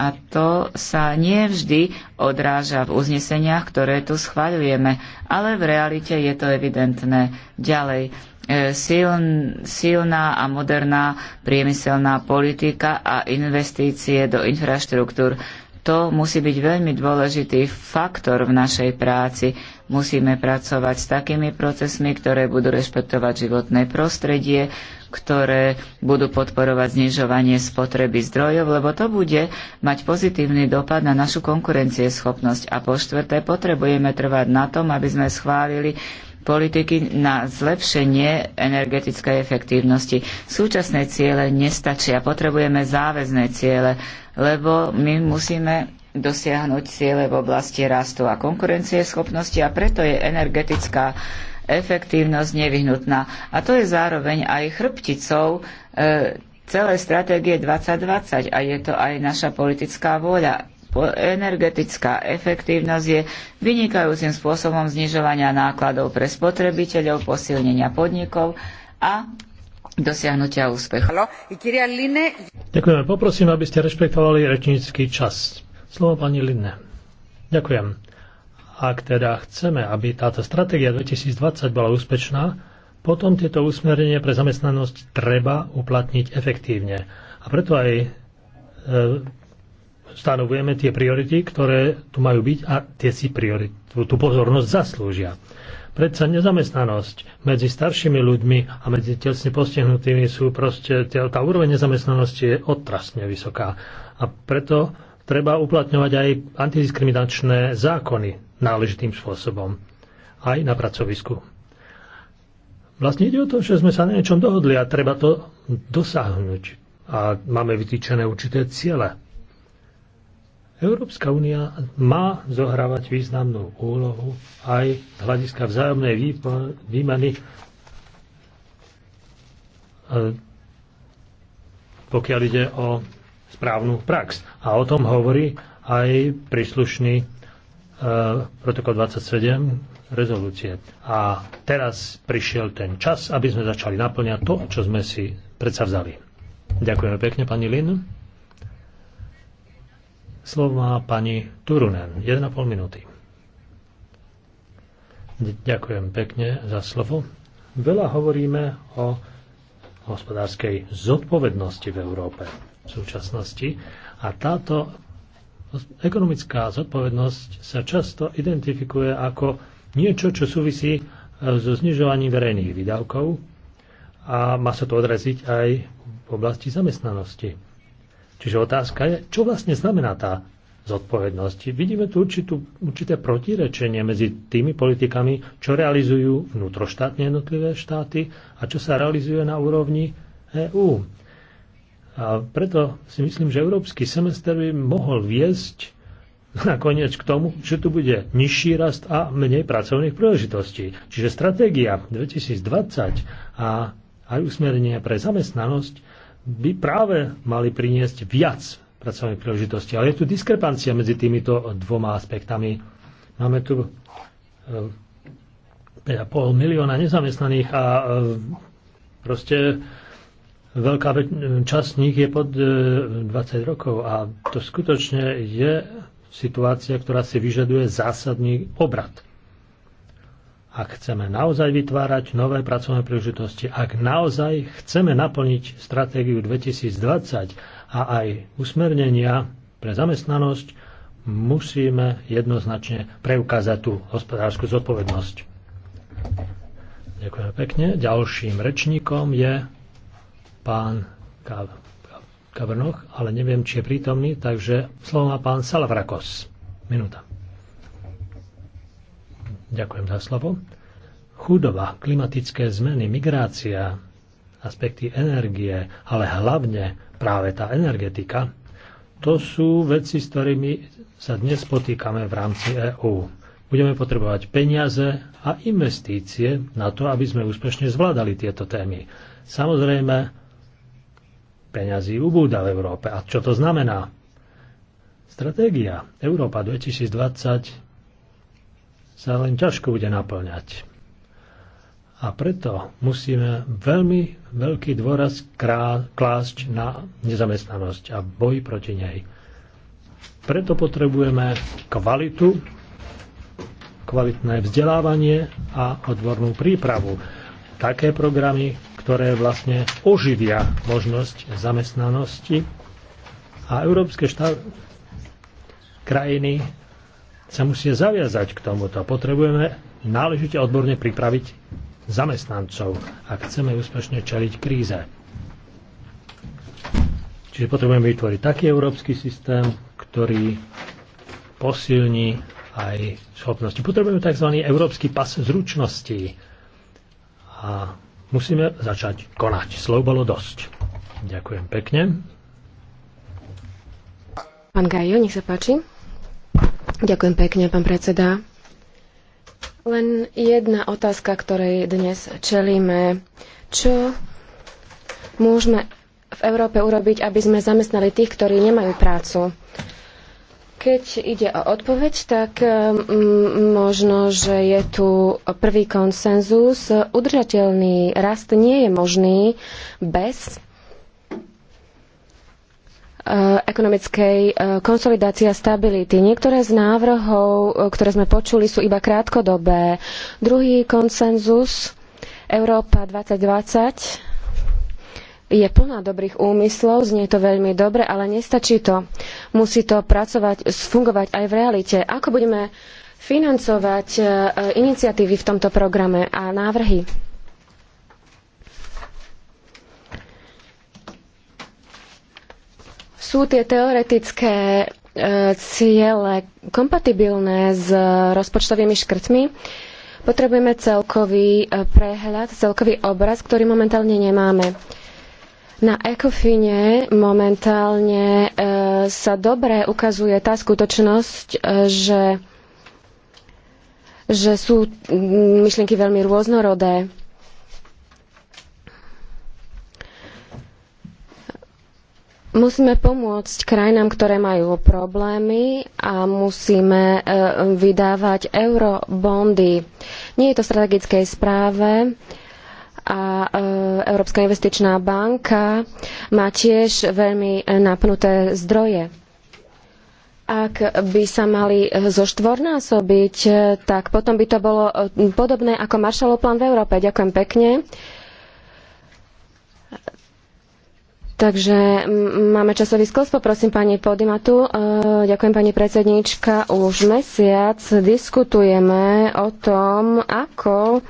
A to sa nie vždy odráža v uzneseniach, ktoré tu schvaľujeme, ale v realite je to evidentné. Ďalej, e, siln, silná a moderná priemyselná politika a investície do infraštruktúr. To musí byť veľmi dôležitý faktor v našej práci. Musíme pracovať s takými procesmi, ktoré budú rešpektovať životné prostredie, ktoré budú podporovať znižovanie spotreby zdrojov, lebo to bude mať pozitívny dopad na našu konkurencieschopnosť. A po štvrté, potrebujeme trvať na tom, aby sme schválili politiky na zlepšenie energetickej efektívnosti. Súčasné ciele nestačia, potrebujeme záväzné ciele, lebo my musíme dosiahnuť ciele v oblasti rastu a konkurencieschopnosti a preto je energetická efektívnosť nevyhnutná. A to je zároveň aj chrbticou e, celej stratégie 2020 a je to aj naša politická vôľa. Energetická efektívnosť je vynikajúcim spôsobom znižovania nákladov pre spotrebiteľov, posilnenia podnikov a dosiahnutia úspechu. Ďakujem. Poprosím, aby ste rešpektovali rečnícky čas. Slovo pani Linne. Ďakujem. Ak teda chceme, aby táto stratégia 2020 bola úspešná, potom tieto usmerenie pre zamestnanosť treba uplatniť efektívne. A preto aj e, stanovujeme tie priority, ktoré tu majú byť a tie si priorit, tú pozornosť zaslúžia. Predsa nezamestnanosť medzi staršími ľuďmi a medzi telesne postihnutými sú proste, tá úroveň nezamestnanosti je otrasne vysoká. A preto treba uplatňovať aj antidiskriminačné zákony náležitým spôsobom, aj na pracovisku. Vlastne ide o to, že sme sa na niečom dohodli a treba to dosáhnuť. A máme vytýčené určité ciele. Európska únia má zohrávať významnú úlohu aj z hľadiska vzájomnej výmeny e, pokiaľ ide o správnu prax. A o tom hovorí aj príslušný e, protokol 27 rezolúcie. A teraz prišiel ten čas, aby sme začali naplňať to, čo sme si predsa vzali. Ďakujeme pekne, pani Lin. Slovo má pani Turunen. 1,5 minúty. Ďakujem pekne za slovo. Veľa hovoríme o hospodárskej zodpovednosti v Európe v súčasnosti. A táto ekonomická zodpovednosť sa často identifikuje ako niečo, čo súvisí e, so znižovaním verejných výdavkov a má sa to odraziť aj v oblasti zamestnanosti. Čiže otázka je, čo vlastne znamená tá zodpovednosť. Vidíme tu určitú, určité protirečenie medzi tými politikami, čo realizujú vnútroštátne jednotlivé štáty a čo sa realizuje na úrovni EÚ. A preto si myslím, že európsky semester by mohol viesť nakoniec k tomu, že tu bude nižší rast a menej pracovných príležitostí. Čiže stratégia 2020 a aj usmerenia pre zamestnanosť by práve mali priniesť viac pracovných príležitostí. Ale je tu diskrepancia medzi týmito dvoma aspektami. Máme tu 5,5 e, milióna nezamestnaných a e, proste veľká časť nich je pod 20 e, rokov a to skutočne je situácia, ktorá si vyžaduje zásadný obrad. Ak chceme naozaj vytvárať nové pracovné príležitosti, ak naozaj chceme naplniť stratégiu 2020 a aj usmernenia pre zamestnanosť, musíme jednoznačne preukázať tú hospodárskú zodpovednosť. Ďakujem pekne. Ďalším rečníkom je pán Kavrnoch, ale neviem, či je prítomný, takže slovo má pán Salavrakos. Minúta. Ďakujem za slovo. Chudoba, klimatické zmeny, migrácia, aspekty energie, ale hlavne práve tá energetika, to sú veci, s ktorými sa dnes potýkame v rámci EÚ. Budeme potrebovať peniaze a investície na to, aby sme úspešne zvládali tieto témy. Samozrejme, peňazí ubúda v Európe. A čo to znamená? Stratégia Európa 2020 sa len ťažko bude naplňať. A preto musíme veľmi veľký dôraz klásť na nezamestnanosť a boj proti nej. Preto potrebujeme kvalitu, kvalitné vzdelávanie a odbornú prípravu. Také programy, ktoré vlastne oživia možnosť zamestnanosti a európske štát, krajiny sa musia zaviazať k tomuto. Potrebujeme náležite odborne pripraviť zamestnancov, ak chceme úspešne čeliť kríze. Čiže potrebujeme vytvoriť taký európsky systém, ktorý posilní aj schopnosti. Potrebujeme tzv. európsky pas zručností. A Musíme začať konať. Slov bolo dosť. Ďakujem pekne. Pán Gajo, nech sa páči. Ďakujem pekne, pán predseda. Len jedna otázka, ktorej dnes čelíme. Čo môžeme v Európe urobiť, aby sme zamestnali tých, ktorí nemajú prácu? Keď ide o odpoveď, tak možno, že je tu prvý konsenzus. Udržateľný rast nie je možný bez e, ekonomickej e, konsolidácie a stability. Niektoré z návrhov, e, ktoré sme počuli, sú iba krátkodobé. Druhý konsenzus Európa 2020 je plná dobrých úmyslov, znie to veľmi dobre, ale nestačí to. Musí to pracovať, fungovať aj v realite. Ako budeme financovať e, e, iniciatívy v tomto programe a návrhy? Sú tie teoretické e, ciele kompatibilné s rozpočtovými škrtmi? Potrebujeme celkový prehľad, celkový obraz, ktorý momentálne nemáme. Na ECOFINE momentálne e, sa dobre ukazuje tá skutočnosť, e, že, že sú myšlienky veľmi rôznorodé. Musíme pomôcť krajinám, ktoré majú problémy a musíme e, vydávať eurobondy. Nie je to strategickej správe, a e, Európska investičná banka má tiež veľmi e, napnuté zdroje. Ak by sa mali e, zoštvornásobiť, tak potom by to bolo podobné ako Marshallov plán v Európe. Ďakujem pekne. Takže máme časový skos, poprosím pani Podimatu. Ďakujem pani predsedníčka. Už mesiac diskutujeme o tom, ako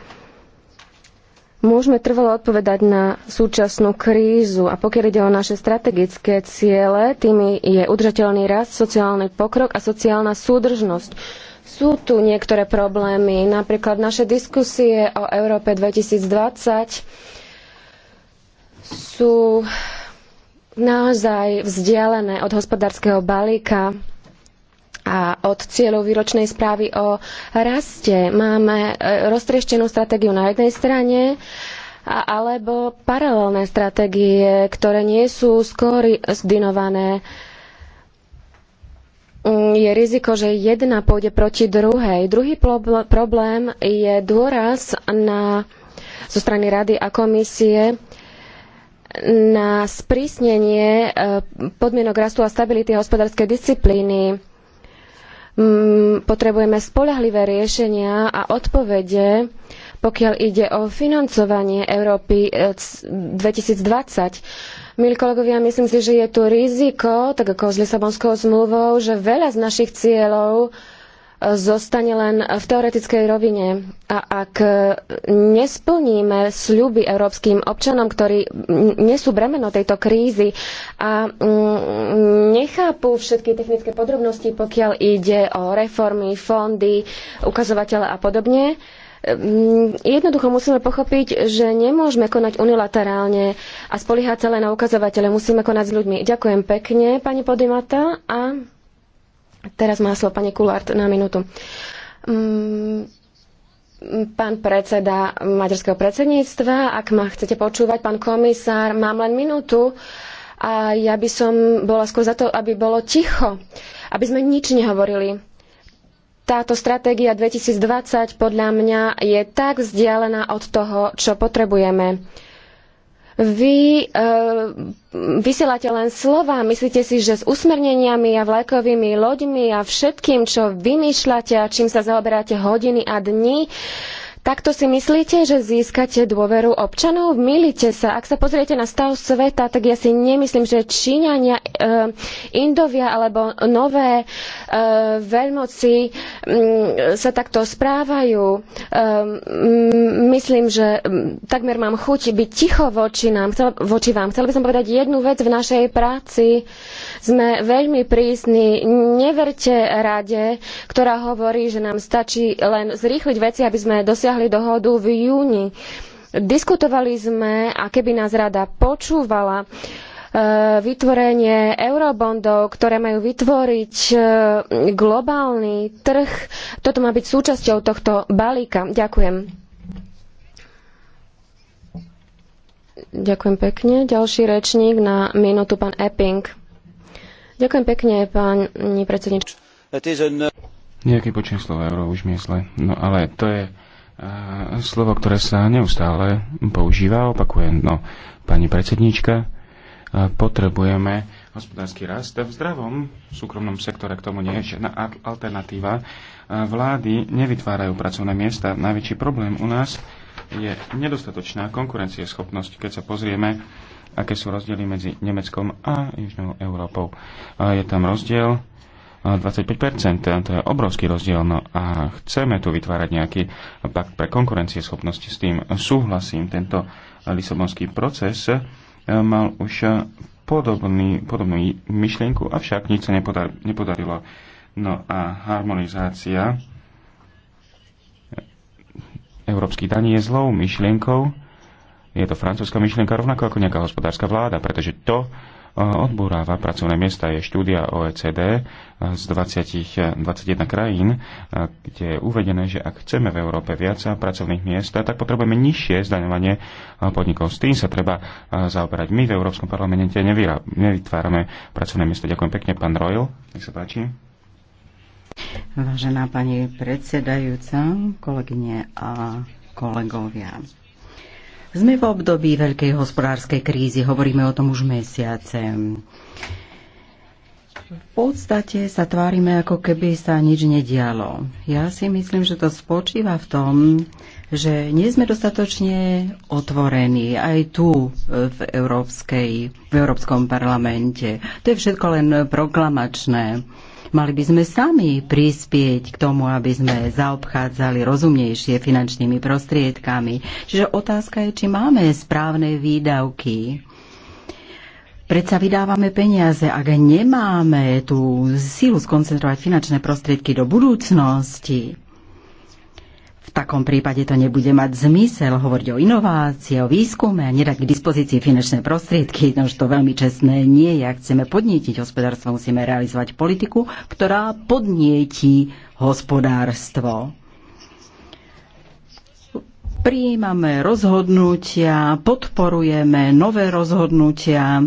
môžeme trvalo odpovedať na súčasnú krízu. A pokiaľ ide o naše strategické ciele, tými je udržateľný rast, sociálny pokrok a sociálna súdržnosť. Sú tu niektoré problémy, napríklad naše diskusie o Európe 2020 sú naozaj vzdialené od hospodárskeho balíka a od cieľov výročnej správy o raste. Máme e, roztrieštenú stratégiu na jednej strane alebo paralelné stratégie, ktoré nie sú skoordinované. Mm, je riziko, že jedna pôjde proti druhej. Druhý problém je dôraz na, zo strany Rady a komisie na sprísnenie e, podmienok rastu a stability hospodárskej disciplíny Mm, potrebujeme spoľahlivé riešenia a odpovede, pokiaľ ide o financovanie Európy 2020. E, Milí kolegovia, myslím si, že je tu riziko, tak ako s Lisabonskou zmluvou, že veľa z našich cieľov zostane len v teoretickej rovine. A ak nesplníme sľuby európskym občanom, ktorí nesú bremeno tejto krízy a mm, nechápu všetky technické podrobnosti, pokiaľ ide o reformy, fondy, ukazovatele a podobne, mm, Jednoducho musíme pochopiť, že nemôžeme konať unilaterálne a spoliehať sa len na ukazovatele. Musíme konať s ľuďmi. Ďakujem pekne, pani Podimata. A Teraz má slovo pani Kulárt na minútu. Mm, pán predseda maďarského predsedníctva, ak ma chcete počúvať, pán komisár, mám len minútu a ja by som bola skôr za to, aby bolo ticho, aby sme nič nehovorili. Táto stratégia 2020 podľa mňa je tak vzdialená od toho, čo potrebujeme. Vy eh, vysielate len slova, myslíte si, že s usmerneniami a vlajkovými loďmi a všetkým, čo vymýšľate a čím sa zaoberáte hodiny a dni, e, Takto si myslíte, že získate dôveru občanov? Milíte sa. Ak sa pozriete na stav sveta, tak ja si nemyslím, že Číňania, e, Indovia alebo nové e, veľmoci m, mm, sa takto správajú. E, m, myslím, že takmer mám chuť byť ticho voči, nám, chcel, voči vám. Chcela by som povedať jednu vec v našej práci. Sme veľmi prísni. Neverte rade, ktorá hovorí, že nám stačí len zrýchliť veci, aby sme dosiahli dosiahli dohodu v júni. Diskutovali sme a keby nás rada počúvala, e, vytvorenie eurobondov, ktoré majú vytvoriť e, globálny trh. Toto má byť súčasťou tohto balíka. Ďakujem. Ďakujem pekne. Ďalší rečník na minútu, pán Epping. Ďakujem pekne, pani predsednič. No- Nejaký počín slova euro už miesle. No ale to je slovo, ktoré sa neustále používa, opakujem, no, pani predsednička, potrebujeme hospodársky rast v zdravom v súkromnom sektore, k tomu nie je žiadna alternatíva. Vlády nevytvárajú pracovné miesta. Najväčší problém u nás je nedostatočná konkurencieschopnosť, keď sa pozrieme, aké sú rozdiely medzi Nemeckom a Južnou Európou. Je tam rozdiel 25%. To je obrovský rozdiel. No a chceme tu vytvárať nejaký pakt pre konkurencieschopnosti. S tým súhlasím. Tento lisabonský proces eh, mal už podobný, podobnú myšlienku, avšak nič sa nepodar, nepodarilo. No a harmonizácia eh, európskych daní je zlou myšlienkou. Je to francúzska myšlienka rovnako ako nejaká hospodárska vláda, pretože to Odboráva pracovné miesta. Je štúdia OECD z 20, 21 krajín, eh, kde je uvedené, že ak chceme v Európe viac pracovných miest, tak potrebujeme nižšie zdaňovanie eh, podnikov. S tým sa treba eh, zaoberať. My v Európskom parlamente nevytvárame pracovné miesta. Ďakujem pekne, pán Royal. Nech sa páči. Vážená pani predsedajúca, kolegyne a kolegovia. Sme v období veľkej hospodárskej krízy, hovoríme o tom už mesiace. V podstate sa tvárime, ako keby sa nič nedialo. Ja si myslím, že to spočíva v tom, že nie sme dostatočne otvorení aj tu v, Európskej, v Európskom parlamente. To je všetko len proklamačné. Mali by sme sami prispieť k tomu, aby sme zaobchádzali rozumnejšie finančnými prostriedkami. Čiže otázka je, či máme správne výdavky. Predsa vydávame peniaze, ak nemáme tú sílu skoncentrovať finančné prostriedky do budúcnosti, v takom prípade to nebude mať zmysel hovoriť o inovácii, o výskume a nedať k dispozícii finančné prostriedky, nož to veľmi čestné nie je. Ak chceme podnietiť hospodárstvo, musíme realizovať politiku, ktorá podnietí hospodárstvo prijímame rozhodnutia, podporujeme nové rozhodnutia,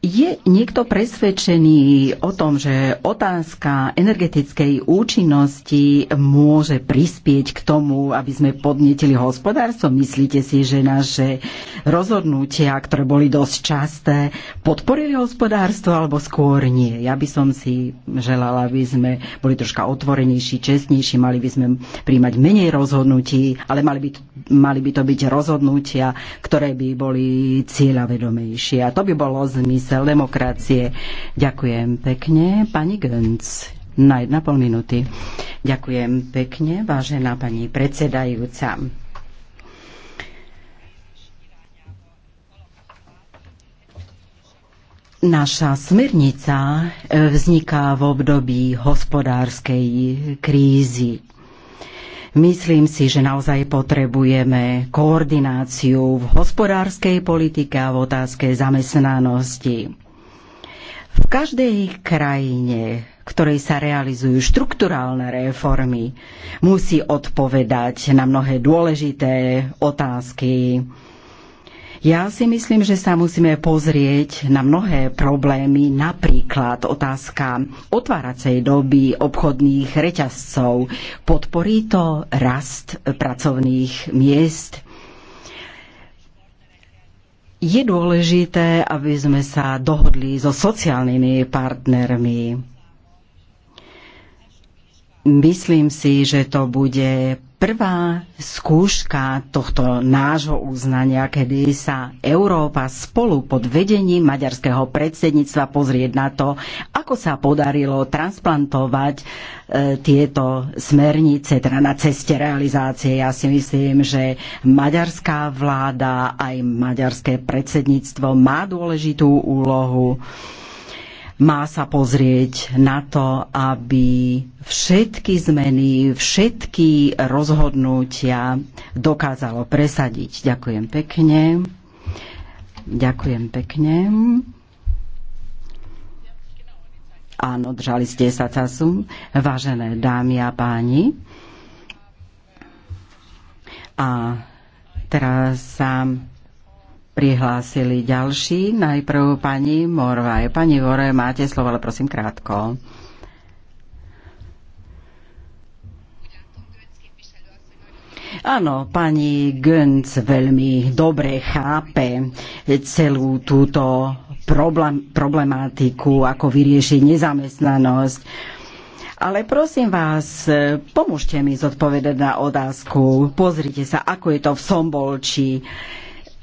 je niekto presvedčený o tom, že otázka energetickej účinnosti môže prispieť k tomu, aby sme podnetili hospodárstvo? Myslíte si, že naše rozhodnutia, ktoré boli dosť časté, podporili hospodárstvo alebo skôr nie? Ja by som si želala, aby sme boli troška otvorenejší, čestnejší, mali by sme príjmať menej rozhodnutí, ale mali by, mali by to byť rozhodnutia, ktoré by boli cieľavedomejšie. A to by bolo zmysel zmysel demokracie Ďakujem pekne. Pani Gönc, na pol minúty. Ďakujem pekne, vážená pani predsedajúca. Naša smernica e, vzniká v období hospodárskej krízy. Myslím si, že naozaj potrebujeme koordináciu v hospodárskej politike a v otázke zamestnanosti. V každej krajine, ktorej sa realizujú štrukturálne reformy, musí odpovedať na mnohé dôležité otázky ja si myslím, že sa musíme pozrieť na mnohé problémy, napríklad otázka otváracej doby obchodných reťazcov. Podporí to rast pracovných miest? Je dôležité, aby sme sa dohodli so sociálnymi partnermi. Myslím si, že to bude prvá skúška tohto nášho uznania, kedy sa Európa spolu pod vedením maďarského predsedníctva pozrieť na to, ako sa podarilo transplantovať e, tieto smernice teda na ceste realizácie. Ja si myslím, že maďarská vláda aj maďarské predsedníctvo má dôležitú úlohu má sa pozrieť na to, aby všetky zmeny, všetky rozhodnutia dokázalo presadiť. Ďakujem pekne. Ďakujem pekne. Áno, držali ste sa času. Vážené dámy a páni. A teraz sa prihlásili ďalší. Najprv pani Morvaj. Pani Vore, máte slovo, ale prosím krátko. Áno, pani Gönc veľmi dobre chápe celú túto problém, problematiku, ako vyriešiť nezamestnanosť. Ale prosím vás, pomôžte mi zodpovedať na otázku. Pozrite sa, ako je to v Sombolči.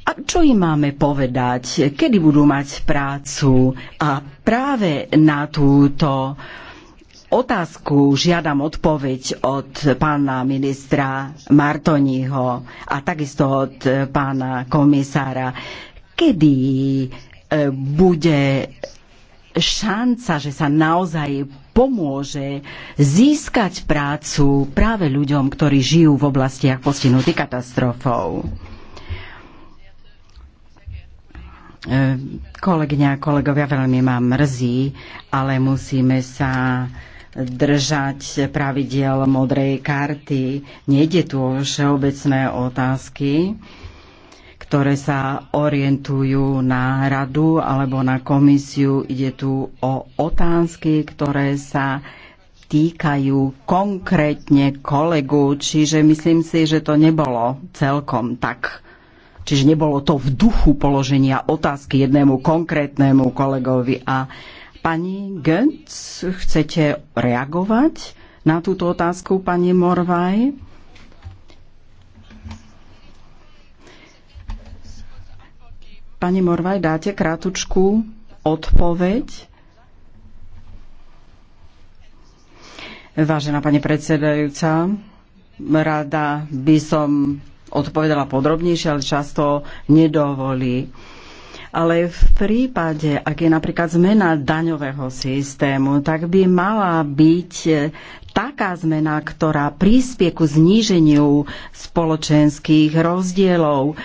A čo im máme povedať? Kedy budú mať prácu? A práve na túto otázku žiadam odpoveď od pána ministra Martoniho a takisto od pána komisára. Kedy e, bude šanca, že sa naozaj pomôže získať prácu práve ľuďom, ktorí žijú v oblastiach postihnutých katastrofou. E, Kolegyňa a kolegovia, veľmi ma mrzí, ale musíme sa držať pravidiel modrej karty. Nejde tu o všeobecné otázky, ktoré sa orientujú na radu alebo na komisiu. Ide tu o otázky, ktoré sa týkajú konkrétne kolegu, čiže myslím si, že to nebolo celkom tak Čiže nebolo to v duchu položenia otázky jednému konkrétnemu kolegovi. A pani Gönc, chcete reagovať na túto otázku, pani Morvaj? Pani Morvaj, dáte krátučku odpoveď? Vážená pani predsedajúca, rada by som odpovedala podrobnejšie, ale často nedovolí. Ale v prípade, ak je napríklad zmena daňového systému, tak by mala byť e, taká zmena, ktorá prispie ku zníženiu spoločenských rozdielov.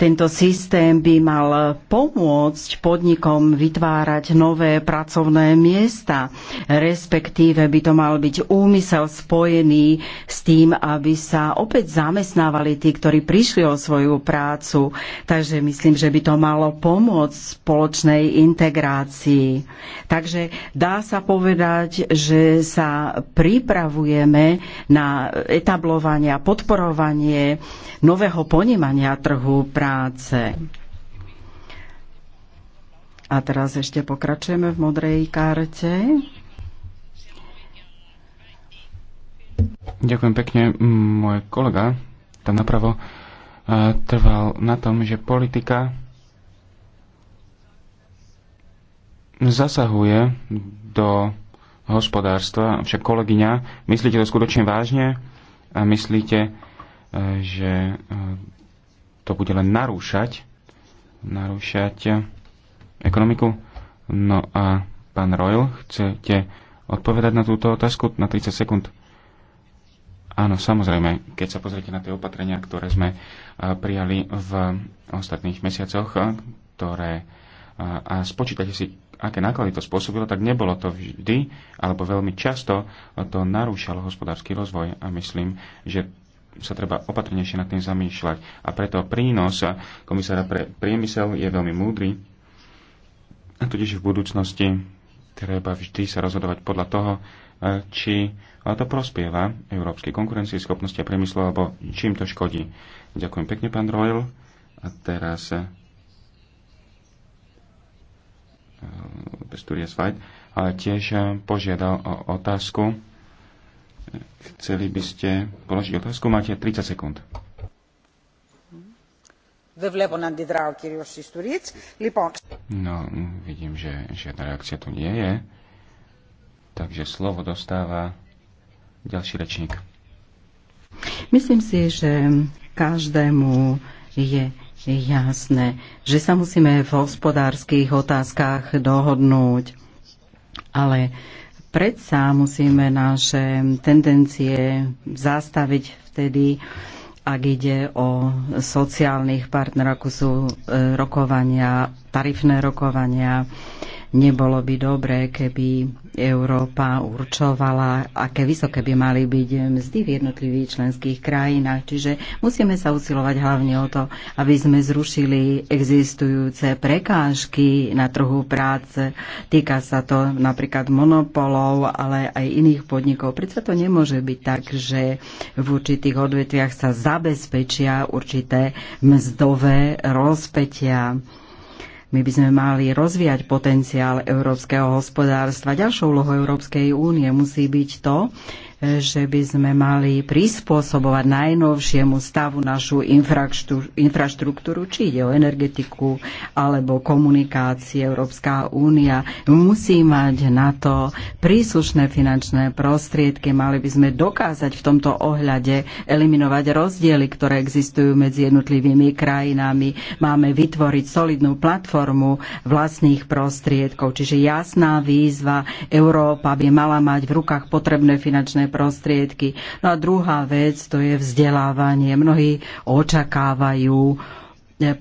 Tento systém by mal pomôcť podnikom vytvárať nové pracovné miesta, respektíve by to mal byť úmysel spojený s tým, aby sa opäť zamestnávali tí, ktorí prišli o svoju prácu. Takže myslím, že by to malo pomôcť spoločnej integrácii. Takže dá sa povedať, že sa pripravujeme na etablovanie a podporovanie nového ponímania trhu práce práce. A teraz ešte pokračujeme v modrej karte. Ďakujem pekne. Môj kolega tam napravo eh, trval na tom, že politika zasahuje do hospodárstva. Však kolegyňa, myslíte to skutočne vážne? A myslíte, eh, že eh, to bude len narúšať, narúšať ekonomiku. No a pán Royal, chcete odpovedať na túto otázku na 30 sekúnd? Áno, samozrejme, keď sa pozriete na tie opatrenia, ktoré sme prijali v ostatných mesiacoch, ktoré a spočítate si, aké náklady to spôsobilo, tak nebolo to vždy, alebo veľmi často to narúšalo hospodársky rozvoj. A myslím, že sa treba opatrnejšie nad tým zamýšľať. A preto prínos komisára pre priemysel je veľmi múdry. A tudíž v budúcnosti treba vždy sa rozhodovať podľa toho, e, či to prospieva európskej schopnosti a priemyslu, alebo čím to škodí. Ďakujem pekne, pán Royal. A teraz Besturias e, e, tiež požiadal o otázku Chceli by ste položiť otázku? Máte 30 sekúnd. No, vidím, že žiadna reakcia tu nie je. Takže slovo dostáva ďalší rečník. Myslím si, že každému je jasné, že sa musíme v hospodárskych otázkach dohodnúť. Ale predsa musíme naše tendencie zastaviť vtedy, ak ide o sociálnych partnerov, ako sú e, rokovania, tarifné rokovania. Nebolo by dobré, keby Európa určovala, aké vysoké by mali byť mzdy v jednotlivých členských krajinách. Čiže musíme sa usilovať hlavne o to, aby sme zrušili existujúce prekážky na trhu práce. Týka sa to napríklad monopolov, ale aj iných podnikov. Prečo to nemôže byť tak, že v určitých odvetviach sa zabezpečia určité mzdové rozpetia my by sme mali rozvíjať potenciál európskeho hospodárstva. Ďalšou úlohou Európskej únie musí byť to, že by sme mali prispôsobovať najnovšiemu stavu našu infraštruktúru, či ide o energetiku alebo komunikácie. Európska únia musí mať na to príslušné finančné prostriedky. Mali by sme dokázať v tomto ohľade eliminovať rozdiely, ktoré existujú medzi jednotlivými krajinami. Máme vytvoriť solidnú platformu vlastných prostriedkov. Čiže jasná výzva, Európa by mala mať v rukách potrebné finančné prostriedky. No a druhá vec to je vzdelávanie. Mnohí očakávajú e,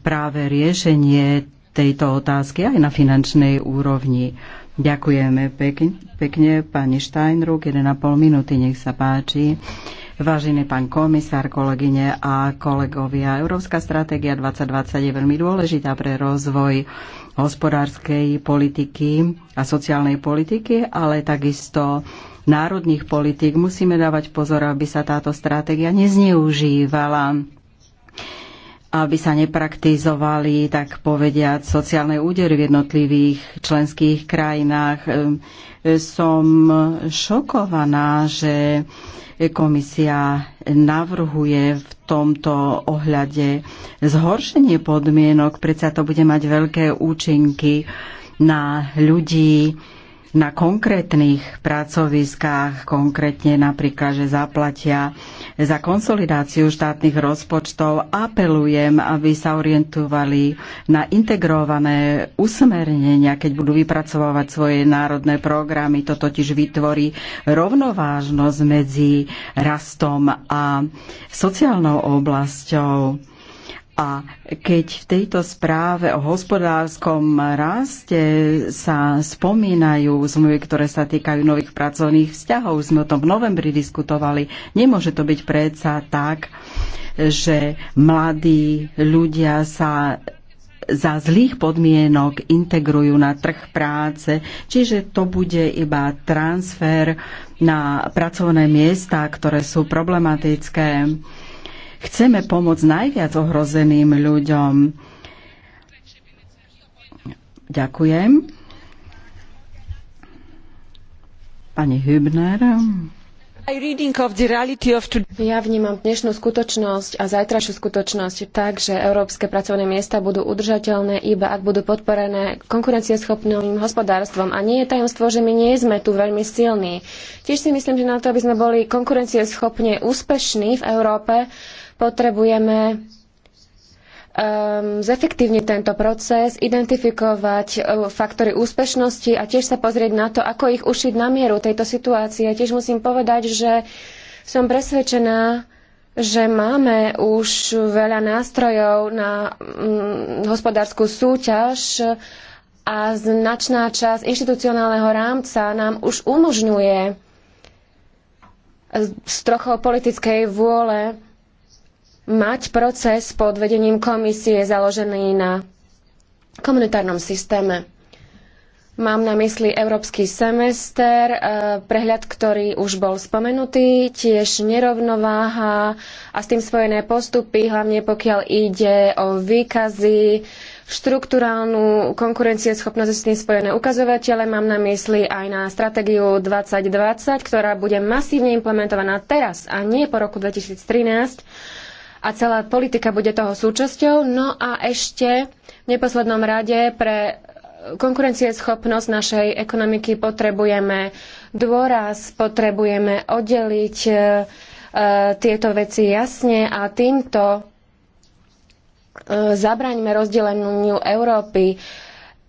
práve riešenie tejto otázky aj na finančnej úrovni. Ďakujeme pekne, pekne pani Steinruck, 1,5 minúty, nech sa páči. Vážený pán komisár, kolegyne a kolegovia, Európska stratégia 2020 je veľmi dôležitá pre rozvoj hospodárskej politiky a sociálnej politiky, ale takisto národných politik. Musíme dávať pozor, aby sa táto stratégia nezneužívala aby sa nepraktizovali, tak povediať, sociálne údery v jednotlivých členských krajinách. Ehm, som šokovaná, že komisia navrhuje v tomto ohľade zhoršenie podmienok, predsa to bude mať veľké účinky na ľudí, na konkrétnych pracoviskách, konkrétne napríklad, že zaplatia za konsolidáciu štátnych rozpočtov. Apelujem, aby sa orientovali na integrované usmernenia, keď budú vypracovávať svoje národné programy. To totiž vytvorí rovnovážnosť medzi rastom a sociálnou oblasťou a keď v tejto správe o hospodárskom raste sa spomínajú zmluvy, ktoré sa týkajú nových pracovných vzťahov, sme o tom v novembri diskutovali, nemôže to byť predsa tak, že mladí ľudia sa za zlých podmienok integrujú na trh práce, čiže to bude iba transfer na pracovné miesta, ktoré sú problematické. Chceme pomôcť najviac ohrozeným ľuďom. Ďakujem. Pani Hübner. Ja vnímam dnešnú skutočnosť a zajtrajšiu skutočnosť tak, že európske pracovné miesta budú udržateľné iba ak budú podporené konkurencieschopným hospodárstvom. A nie je tajomstvo, že my nie sme tu veľmi silní. Tiež si myslím, že na to, aby sme boli konkurencieschopne úspešní v Európe, potrebujeme um, zefektívniť tento proces, identifikovať uh, faktory úspešnosti a tiež sa pozrieť na to, ako ich ušiť na mieru tejto situácie. tiež musím povedať, že som presvedčená, že máme už veľa nástrojov na um, hospodárskú súťaž a značná časť inštitucionálneho rámca nám už umožňuje s trochou politickej vôle mať proces pod vedením komisie založený na komunitárnom systéme. Mám na mysli európsky semester, e, prehľad, ktorý už bol spomenutý, tiež nerovnováha a s tým spojené postupy, hlavne pokiaľ ide o výkazy, štruktúrálnu konkurencieschopnosť s tým spojené ukazovatele. Mám na mysli aj na stratégiu 2020, ktorá bude masívne implementovaná teraz a nie po roku 2013 a celá politika bude toho súčasťou. No a ešte v neposlednom rade pre konkurencieschopnosť našej ekonomiky potrebujeme dôraz, potrebujeme oddeliť e, tieto veci jasne a týmto e, zabraňme rozdeleniu Európy.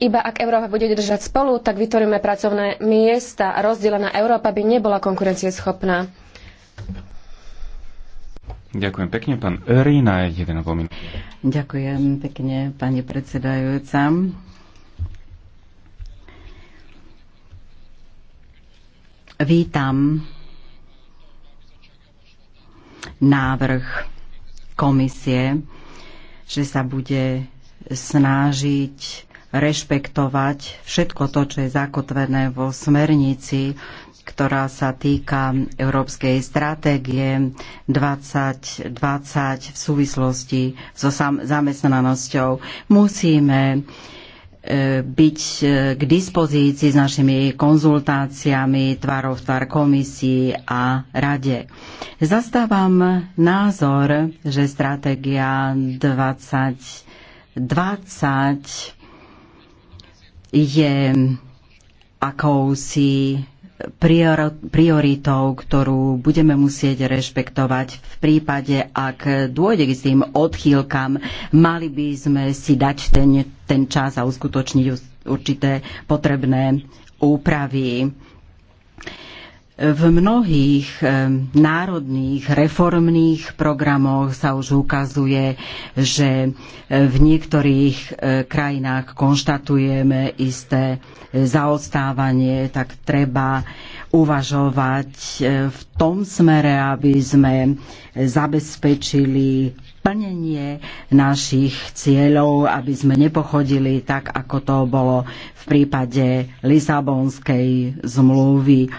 Iba ak Európa bude držať spolu, tak vytvoríme pracovné miesta a rozdelená Európa by nebola konkurencieschopná. Ďakujem pekne, pán Öri, na jeden minúty. Ďakujem pekne, pani predsedajúca. Vítam návrh komisie, že sa bude snažiť rešpektovať všetko to, čo je zakotvené vo smernici ktorá sa týka Európskej stratégie 2020 v súvislosti so zamestnanosťou. Musíme e, byť e, k dispozícii s našimi konzultáciami tvárov tvár komisii a rade. Zastávam názor, že stratégia 2020 je akousi prioritou, ktorú budeme musieť rešpektovať. V prípade, ak dôjde k tým odchýlkam, mali by sme si dať ten, ten čas a uskutočniť určité potrebné úpravy. V mnohých národných reformných programoch sa už ukazuje, že e, v niektorých e, krajinách konštatujeme isté e, zaostávanie, tak treba uvažovať v tom smere, aby sme zabezpečili plnenie našich cieľov, aby sme nepochodili tak, ako to bolo v prípade Lisabonskej zmluvy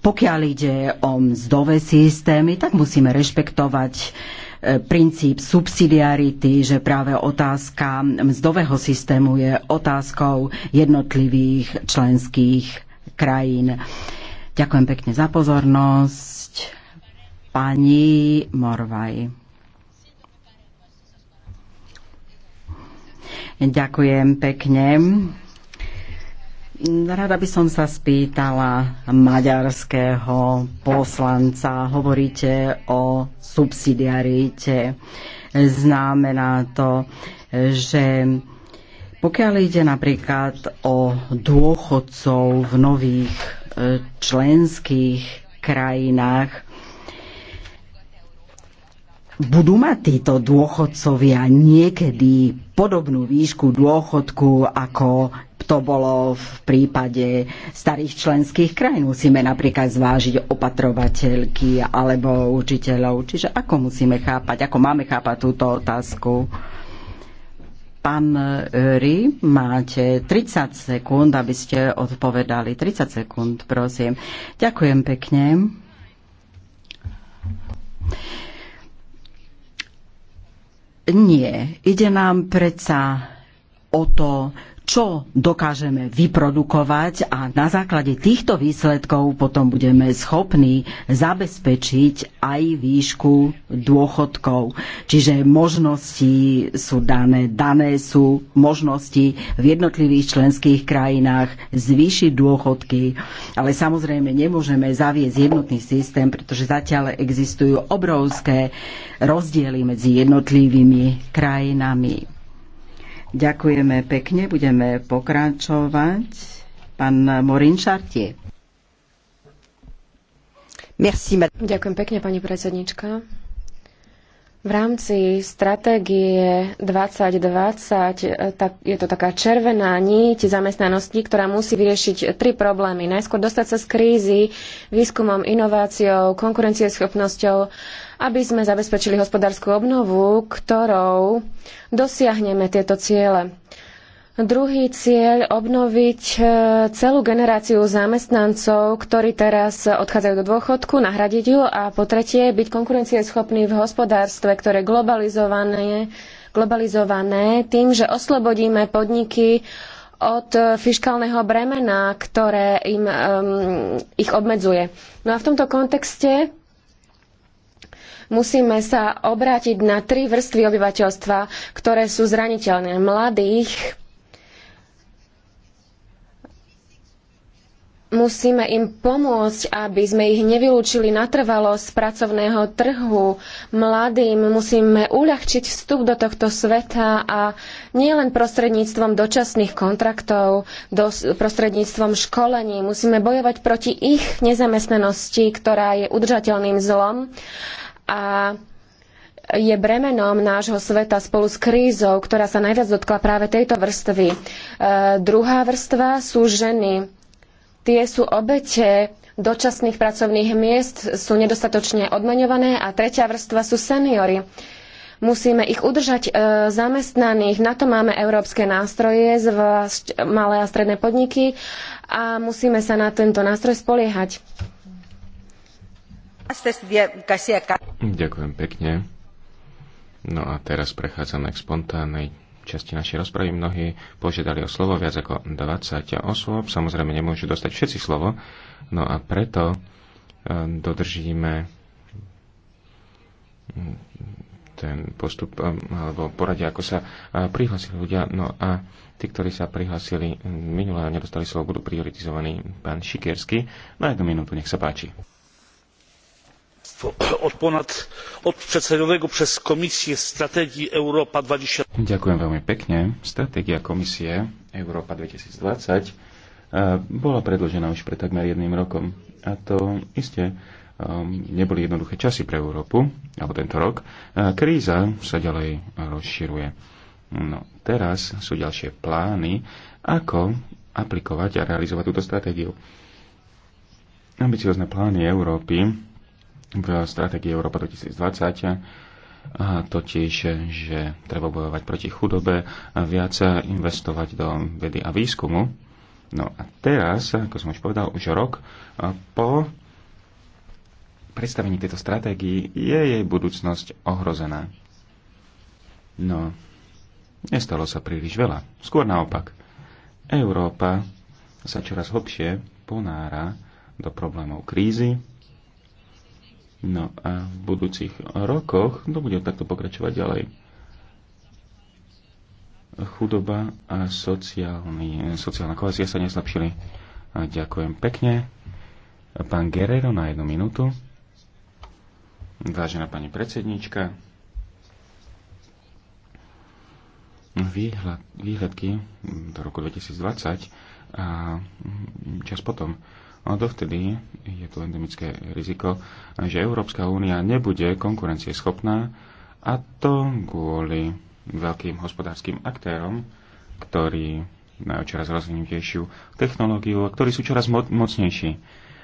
pokiaľ ide o mzdové systémy, tak musíme rešpektovať e, princíp subsidiarity, že práve otázka mzdového systému je otázkou jednotlivých členských krajín. Ďakujem pekne za pozornosť. Pani Morvaj. Ďakujem pekne. Rada by som sa spýtala maďarského poslanca. Hovoríte o subsidiarite. Znamená to, že pokiaľ ide napríklad o dôchodcov v nových e, členských krajinách, budú mať títo dôchodcovia niekedy podobnú výšku dôchodku ako to bolo v prípade starých členských krajín. Musíme napríklad zvážiť opatrovateľky alebo učiteľov. Čiže ako musíme chápať, ako máme chápať túto otázku? Pán Ry, máte 30 sekúnd, aby ste odpovedali. 30 sekúnd, prosím. Ďakujem pekne. Nie, ide nám predsa o to, čo dokážeme vyprodukovať a na základe týchto výsledkov potom budeme schopní zabezpečiť aj výšku dôchodkov. Čiže možnosti sú dané, dané sú možnosti v jednotlivých členských krajinách zvýšiť dôchodky, ale samozrejme nemôžeme zaviesť jednotný systém, pretože zatiaľ existujú obrovské rozdiely medzi jednotlivými krajinami Ďakujeme pekne, budeme pokračovať. Pán Morin Šartie. Merci, Ďakujem pekne, pani predsednička. V rámci stratégie 2020 e, tak je to taká červená niť zamestnanosti, ktorá musí vyriešiť tri problémy. Najskôr dostať sa z krízy výskumom, inováciou, konkurencieschopnosťou aby sme zabezpečili hospodárskú obnovu, ktorou dosiahneme tieto ciele. Druhý cieľ obnoviť e, celú generáciu zamestnancov, ktorí teraz odchádzajú do dôchodku, nahradiť ju a po tretie byť konkurencieschopný v hospodárstve, ktoré je globalizované, globalizované tým, že oslobodíme podniky od fiškálneho bremena, ktoré im, um, ich obmedzuje. No a v tomto kontexte Musíme sa obrátiť na tri vrstvy obyvateľstva, ktoré sú zraniteľné. Mladých, musíme im pomôcť, aby sme ich nevylúčili natrvalo z pracovného trhu. Mladým musíme uľahčiť vstup do tohto sveta a nielen prostredníctvom dočasných kontraktov, prostredníctvom školení. Musíme bojovať proti ich nezamestnanosti, ktorá je udržateľným zlom a je bremenom nášho sveta spolu s krízou, ktorá sa najviac dotkla práve tejto vrstvy. E, druhá vrstva sú ženy. Tie sú obete dočasných pracovných miest, sú nedostatočne odmaňované a tretia vrstva sú seniory. Musíme ich udržať e, zamestnaných, na to máme európske nástroje, zvlášť malé a stredné podniky a musíme sa na tento nástroj spoliehať. Ďakujem pekne. No a teraz prechádzame k spontánnej časti našej rozpravy. Mnohí požiadali o slovo viac ako 20 osôb. Samozrejme nemôžu dostať všetci slovo. No a preto e, dodržíme ten postup e, alebo poradie, ako sa e, prihlásili ľudia. No a tí, ktorí sa prihlásili minulé a nedostali slovo, budú prioritizovaní pán Šikersky. Na jednu minútu, nech sa páči od przedstawionego przez komisję strategii Európa 2020. Ďakujem veľmi pekne. Stratégia komisie Európa 2020 e, bola predložená už pred takmer jedným rokom. A to iste neboli jednoduché časy pre Európu, alebo tento rok. E, Kríza sa ďalej rozširuje. No, teraz sú ďalšie plány, ako aplikovať a realizovať túto stratégiu. Ambiciozne plány Európy v stratégii Európa 2020 a totiž, že treba bojovať proti chudobe a viac investovať do vedy a výskumu. No a teraz, ako som už povedal, už rok po predstavení tejto stratégii je jej budúcnosť ohrozená. No, nestalo sa príliš veľa. Skôr naopak. Európa sa čoraz hlbšie ponára do problémov krízy, No a v budúcich rokoch to bude takto pokračovať ďalej. Chudoba a sociálny, sociálna kohezia sa neslapšili. A ďakujem pekne. Pán Guerrero na jednu minútu. Vážená pani predsednička, výhľad, výhľadky do roku 2020 a čas potom dovtedy je tu endemické riziko, že Európska únia nebude konkurencieschopná a to kvôli veľkým hospodárskym aktérom, ktorí majú čoraz rozvinutejšiu technológiu a ktorí sú čoraz mo- mocnejší.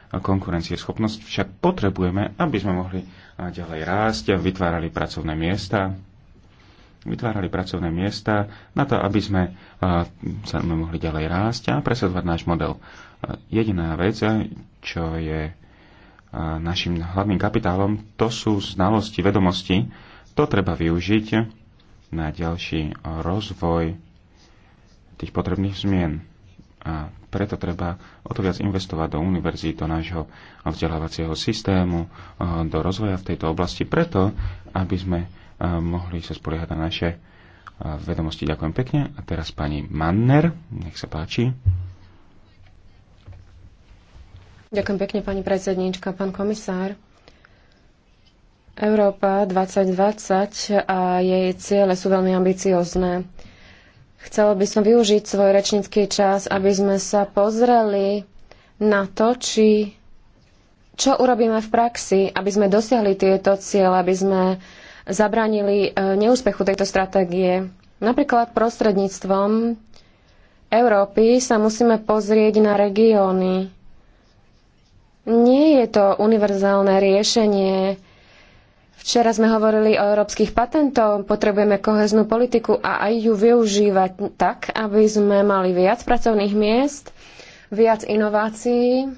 Konkurencieschopnosť však potrebujeme, aby sme mohli ďalej rásť, a vytvárali pracovné miesta, vytvárali pracovné miesta na to, aby sme sa mohli ďalej rásť a presadzovať náš model. Jediná vec, čo je e, našim hlavným kapitálom, to sú znalosti, vedomosti. To treba využiť na ďalší rozvoj tých potrebných zmien. A preto treba o to viac investovať do univerzí, do nášho vzdelávacieho systému, e, do rozvoja v tejto oblasti, preto, aby sme e, mohli sa spoliehať na naše vedomosti. Ďakujem pekne. A teraz pani Manner, nech sa páči. Ďakujem pekne, pani predsedníčka, pán komisár. Európa 2020 a jej ciele sú veľmi ambiciozne. Chcela by som využiť svoj rečnícky čas, aby sme sa pozreli na to, či, čo urobíme v praxi, aby sme dosiahli tieto ciele, aby sme zabránili e, neúspechu tejto stratégie. Napríklad prostredníctvom Európy sa musíme pozrieť na regióny, nie je to univerzálne riešenie. Včera sme hovorili o európskych patentov, potrebujeme koheznú politiku a aj ju využívať tak, aby sme mali viac pracovných miest, viac inovácií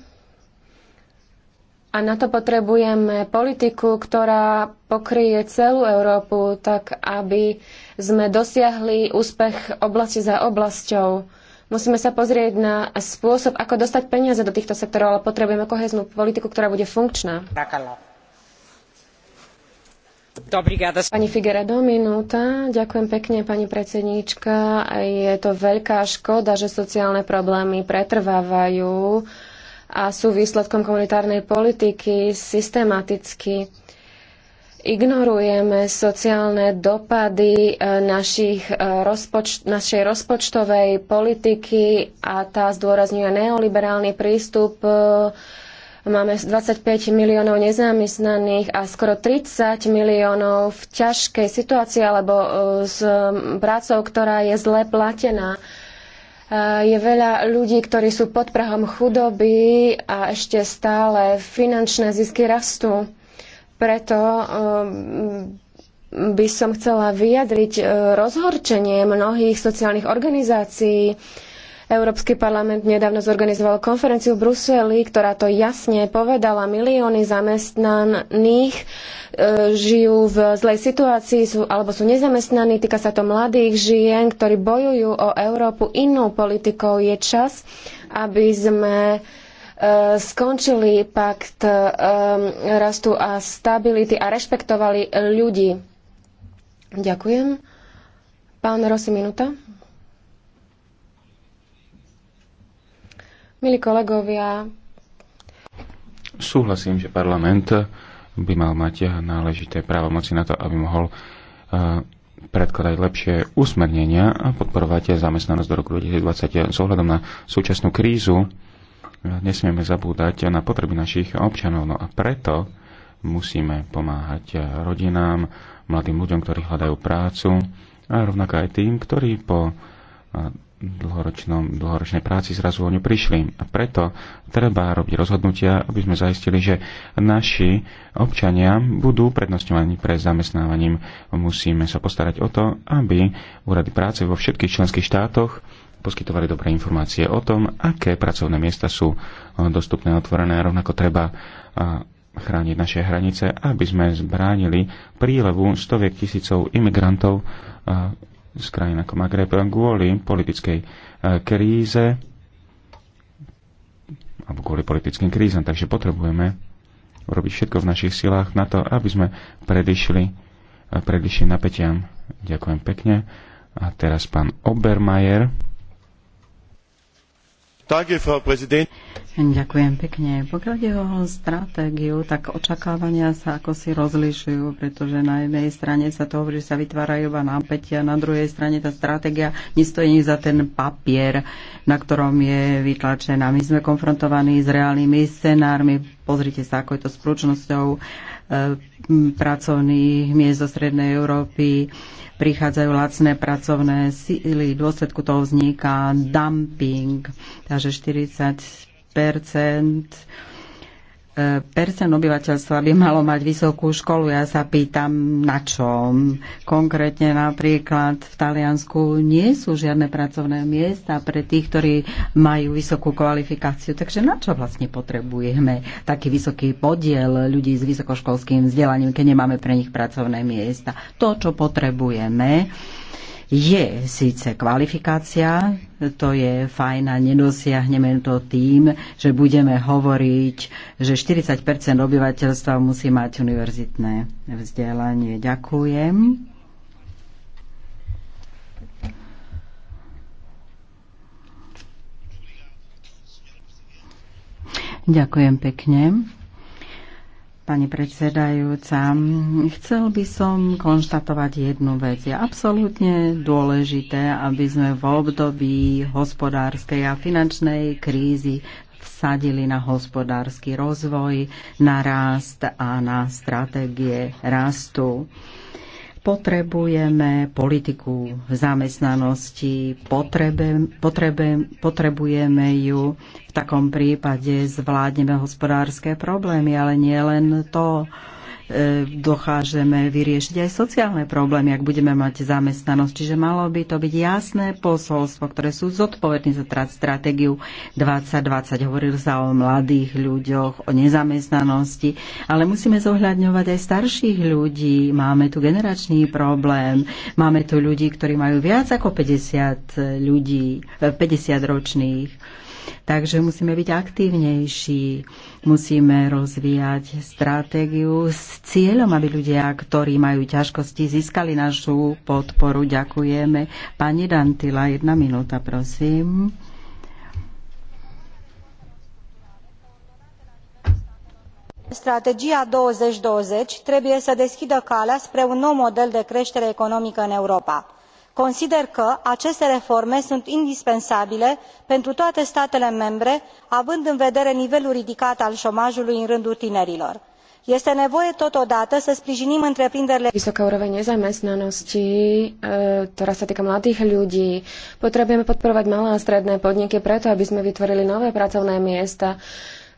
a na to potrebujeme politiku, ktorá pokryje celú Európu, tak aby sme dosiahli úspech oblasti za oblasťou Musíme sa pozrieť na spôsob, ako dostať peniaze do týchto sektorov, ale potrebujeme koheznú politiku, ktorá bude funkčná. Pani Figueredo, minúta. Ďakujem pekne, pani predsedníčka. Je to veľká škoda, že sociálne problémy pretrvávajú a sú výsledkom komunitárnej politiky systematicky ignorujeme sociálne dopady e, našich e, našej rozpočtovej politiky a tá zdôrazňuje neoliberálny prístup. E, máme 25 miliónov nezamestnaných a skoro 30 miliónov v ťažkej situácii alebo s prácou, ktorá je zle platená je veľa ľudí, ktorí sú pod prahom chudoby a ešte stále finančné zisky rastú. Preto ehm, by som chcela vyjadriť e, rozhorčenie mnohých sociálnych organizácií. Európsky parlament nedávno zorganizoval konferenciu v Bruseli, ktorá to jasne povedala. Milióny zamestnaných e, žijú v zlej situácii sú, alebo sú nezamestnaní. Týka sa to mladých žien, ktorí bojujú o Európu inou politikou. Je čas, aby sme Eh, skončili pakt eh, rastu a stability a rešpektovali ľudí. Ďakujem. Pán Rosy, minúta. Milí kolegovia, súhlasím, že parlament by mal mať náležité právomoci na to, aby mohol eh, predkladať lepšie usmernenia a podporovať zamestnanosť do roku 2020. S ohľadom na súčasnú krízu nesmieme zabúdať na potreby našich občanov. No a preto musíme pomáhať rodinám, mladým ľuďom, ktorí hľadajú prácu a rovnako aj tým, ktorí po dlhoročnom, dlhoročnej práci zrazu o ňu prišli. A preto treba robiť rozhodnutia, aby sme zaistili, že naši občania budú prednostňovaní pre zamestnávaním. Musíme sa postarať o to, aby úrady práce vo všetkých členských štátoch poskytovali dobré informácie o tom, aké pracovné miesta sú eh, dostupné a otvorené. Rovnako treba eh, chrániť naše hranice, aby sme zbránili prílevu stoviek tisícov imigrantov eh, z krajín ako Magreb kvôli politickej kríze alebo kvôli politickým krízam. Takže potrebujeme urobiť všetko v našich silách na to, aby sme predišli, predišli napätiam. Ďakujem pekne. A teraz pán Obermajer. Ďakujem pekne. Pokiaľ ide o stratégiu, tak očakávania sa ako si rozlišujú, pretože na jednej strane sa to hovorí, že sa vytvárajú iba napätia, na druhej strane tá stratégia nestojí za ten papier, na ktorom je vytlačená. My sme konfrontovaní s reálnymi scenármi. Pozrite sa, ako je to s prúčnosťou eh, pracovných miest zo Strednej Európy prichádzajú lacné pracovné síly, v dôsledku toho vzniká dumping, takže 40 percent obyvateľstva by malo mať vysokú školu. Ja sa pýtam, na čom? Konkrétne napríklad v Taliansku nie sú žiadne pracovné miesta pre tých, ktorí majú vysokú kvalifikáciu. Takže na čo vlastne potrebujeme taký vysoký podiel ľudí s vysokoškolským vzdelaním, keď nemáme pre nich pracovné miesta? To, čo potrebujeme, je síce kvalifikácia, to je fajn a nedosiahneme to tým, že budeme hovoriť, že 40 obyvateľstva musí mať univerzitné vzdelanie. Ďakujem. Ďakujem pekne. Pani predsedajúca, chcel by som konštatovať jednu vec. Je absolútne dôležité, aby sme v období hospodárskej a finančnej krízy vsadili na hospodársky rozvoj, na rast a na stratégie rastu. Potrebujeme politiku zamestnanosti, potrebe, potrebe, potrebujeme ju. V takom prípade zvládneme hospodárske problémy, ale nie len to E, dokážeme vyriešiť aj sociálne problémy, ak budeme mať zamestnanosť. Čiže malo by to byť jasné posolstvo, ktoré sú zodpovední za stratégiu 2020. Hovoril sa o mladých ľuďoch, o nezamestnanosti, ale musíme zohľadňovať aj starších ľudí. Máme tu generačný problém, máme tu ľudí, ktorí majú viac ako 50 ľudí, 50 e, ročných. Takže musíme byť aktívnejší, musíme rozvíjať stratégiu s cieľom, aby ľudia, ktorí majú ťažkosti, získali našu podporu. Ďakujeme. Pani Dantila, jedna minúta, prosím. strategia 2020 trebuie să deschidă calea spre un nou model de creștere economică în europa consider că aceste reforme sunt indispensabile pentru toate statele membre având în vedere nivelul ridicat al omajului în rândul tinerilor. este nevoie totodată să sprijinim întreprinderile. vysoká úroveň nezamestnanosti e, ktorá sa týka mladých ľudí potrebujeme podporovať malé a stredné podniky preto aby sme vytvorili nové pracovné miesta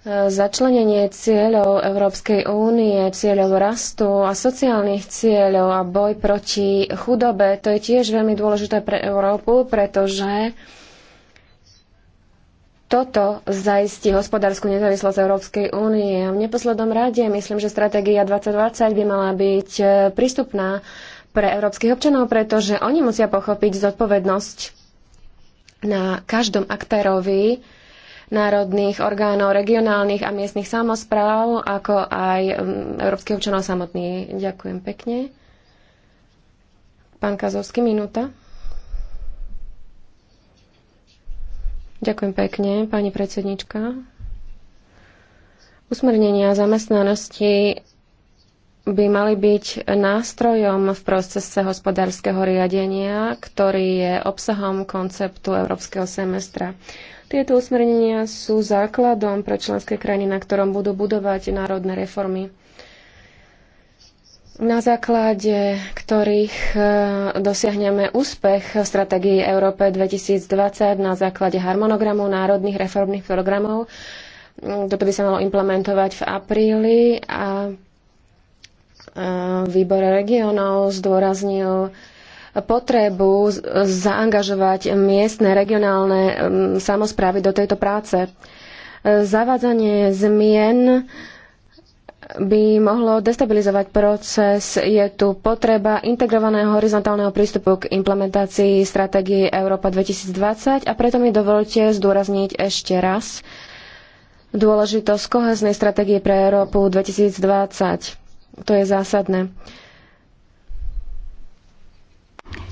začlenenie cieľov Európskej únie, cieľov rastu a sociálnych cieľov a boj proti chudobe, to je tiež veľmi dôležité pre Európu, pretože toto zaistí hospodárskú nezávislosť Európskej únie. A v neposlednom rade myslím, že stratégia 2020 by mala byť e, prístupná pre európskych občanov, pretože oni musia pochopiť zodpovednosť na každom aktérovi, národných orgánov, regionálnych a miestnych samozpráv, ako aj mm, európskych občanov samotných. Ďakujem pekne. Pán Kazovský, minúta. Ďakujem pekne, pani predsednička. Usmernenia zamestnanosti by mali byť nástrojom v procese hospodárskeho riadenia, ktorý je obsahom konceptu európskeho semestra. Tieto usmernenia sú základom pre členské krajiny, na ktorom budú budovať národné reformy na základe ktorých e, dosiahneme úspech v stratégii Európe 2020 na základe harmonogramu národných reformných programov. Mm, toto by sa malo implementovať v apríli a e, výbor regionov zdôraznil potrebu zaangažovať miestne, regionálne um, samozprávy do tejto práce. Zavádzanie zmien by mohlo destabilizovať proces. Je tu potreba integrovaného horizontálneho prístupu k implementácii stratégie Európa 2020 a preto mi dovolte zdôrazniť ešte raz dôležitosť koheznej stratégie pre Európu 2020. To je zásadné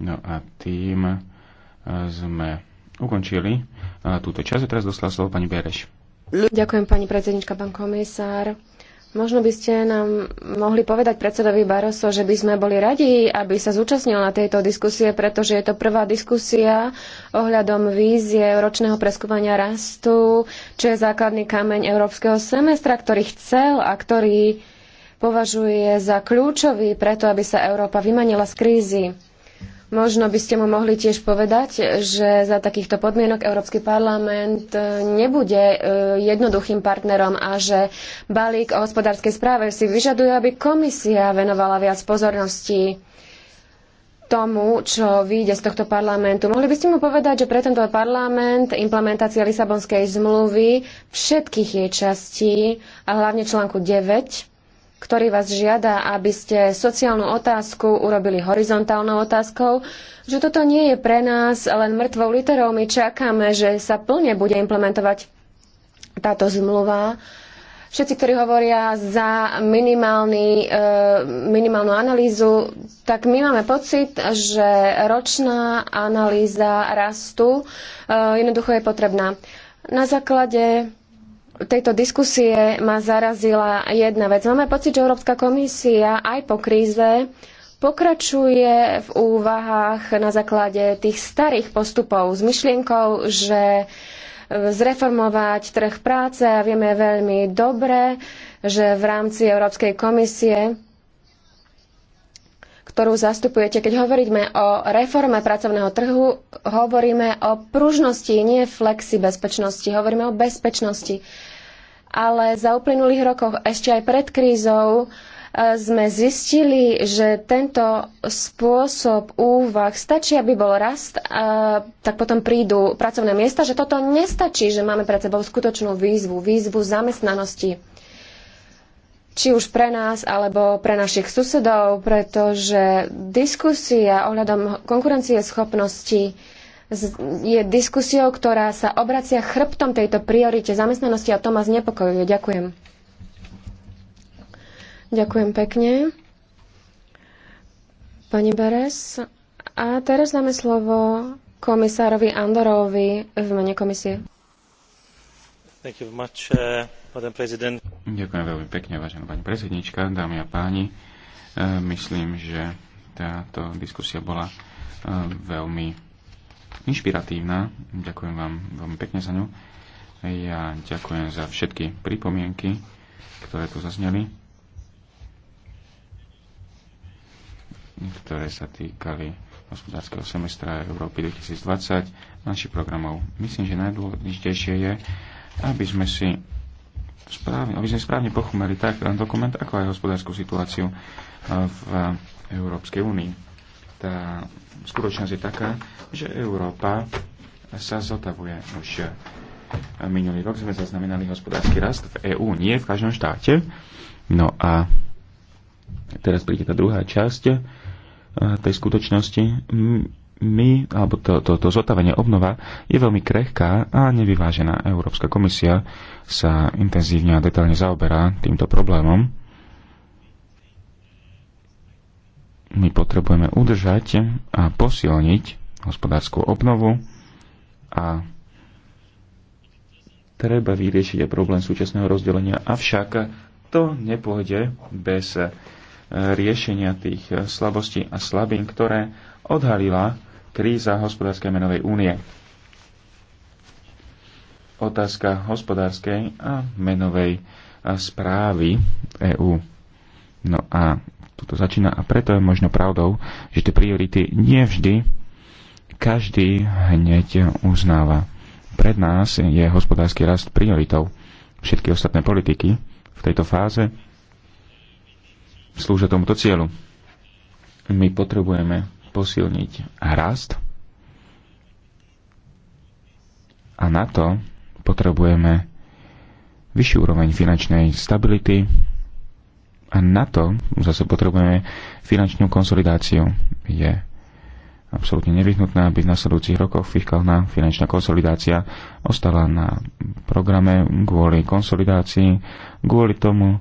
No a tým e, sme ukončili e, túto časť. A teraz dostala slovo pani Bereš. Ďakujem pani predsednička, pán komisár. Možno by ste nám mohli povedať predsedovi Baroso, že by sme boli radi, aby sa zúčastnil na tejto diskusie, pretože je to prvá diskusia ohľadom vízie ročného preskúvania rastu, čo je základný kameň európskeho semestra, ktorý chcel a ktorý považuje za kľúčový preto, aby sa Európa vymanila z krízy. Možno by ste mu mohli tiež povedať, že za takýchto podmienok Európsky parlament e, nebude e, jednoduchým partnerom a že balík o hospodárskej správe si vyžaduje, aby komisia venovala viac pozornosti tomu, čo vyjde z tohto parlamentu. Mohli by ste mu povedať, že pre tento parlament implementácia Lisabonskej zmluvy všetkých jej častí a hlavne článku 9 ktorý vás žiada, aby ste sociálnu otázku urobili horizontálnou otázkou, že toto nie je pre nás len mŕtvou literou. My čakáme, že sa plne bude implementovať táto zmluva. Všetci, ktorí hovoria za minimálny, e, minimálnu analýzu, tak my máme pocit, že ročná analýza rastu e, jednoducho je potrebná. Na základe tejto diskusie ma zarazila jedna vec. Máme pocit, že Európska komisia aj po kríze pokračuje v úvahách na základe tých starých postupov s myšlienkou, že e, zreformovať trh práce a vieme veľmi dobre, že v rámci Európskej komisie ktorú zastupujete. Keď hovoríme o reforme pracovného trhu, hovoríme o pružnosti, nie flexi bezpečnosti, hovoríme o bezpečnosti ale za uplynulých rokoch, ešte aj pred krízou, e, sme zistili, že tento spôsob úvah stačí, aby bol rast, a tak potom prídu pracovné miesta, že toto nestačí, že máme pred sebou skutočnú výzvu, výzvu zamestnanosti či už pre nás alebo pre našich susedov, pretože diskusia ohľadom konkurencieschopnosti schopnosti je diskusiou, ktorá sa obracia chrbtom tejto priorite zamestnanosti a to ma znepokojuje. Ďakujem. Ďakujem pekne. Pani Beres. A teraz dáme slovo komisárovi Andorovi v mene komisie. Uh, Ďakujem veľmi pekne, vážená pani predsednička, dámy a páni. Uh, myslím, že táto diskusia bola uh, veľmi inšpiratívna. Ďakujem vám veľmi pekne za ňu. Ja ďakujem za všetky pripomienky, ktoré tu zazneli, ktoré sa týkali hospodárskeho semestra Európy 2020 našich programov. Myslím, že najdôležitejšie je, aby sme si správne, aby sme správne pochumeli tak dokument, ako aj hospodárskú situáciu eh, v Európskej únii tá skutočnosť je taká, že Európa sa zotavuje už minulý rok sme zaznamenali hospodársky rast v EÚ, nie v každom štáte. No a teraz príde tá druhá časť e, tej skutočnosti. My, alebo to, to, to zotavenie obnova je veľmi krehká a nevyvážená. Európska komisia sa intenzívne a detailne zaoberá týmto problémom my potrebujeme udržať a posilniť hospodárskú obnovu a treba vyriešiť aj problém súčasného rozdelenia. Avšak to nepôjde bez eh, riešenia tých eh, slabostí a slabín, ktoré odhalila kríza hospodárskej menovej únie. Otázka hospodárskej a menovej eh, správy EÚ. No a toto začína a preto je možno pravdou, že tie priority nie vždy každý hneď uznáva. Pred nás je hospodársky rast prioritou. Všetky ostatné politiky v tejto fáze slúžia tomuto cieľu. My potrebujeme posilniť rast a na to potrebujeme vyšší úroveň finančnej stability, a na to zase potrebujeme finančnú konsolidáciu. Je absolútne nevyhnutná, aby v nasledujúcich rokoch fiskálna finančná konsolidácia ostala na programe kvôli konsolidácii, kvôli tomu,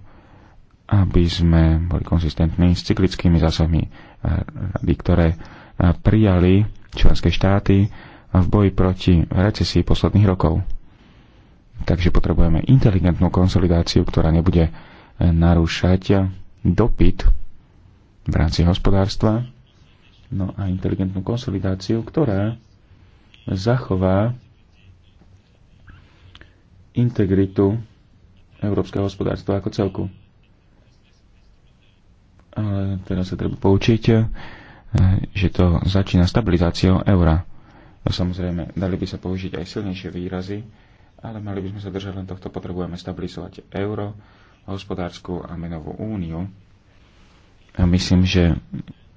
aby sme boli konzistentní s cyklickými zásahmi eh, rady, ktoré eh, prijali členské štáty v boji proti recesii posledných rokov. Takže potrebujeme inteligentnú konsolidáciu, ktorá nebude narúšať dopyt v rámci hospodárstva, no a inteligentnú konsolidáciu, ktorá zachová integritu európskeho hospodárstva ako celku. Ale teraz sa treba poučiť, eh, že to začína stabilizáciou eura. No samozrejme, dali by sa použiť aj silnejšie výrazy, ale mali by sme sa držať len tohto, potrebujeme stabilizovať euro, hospodárskú a menovú úniu. A myslím, že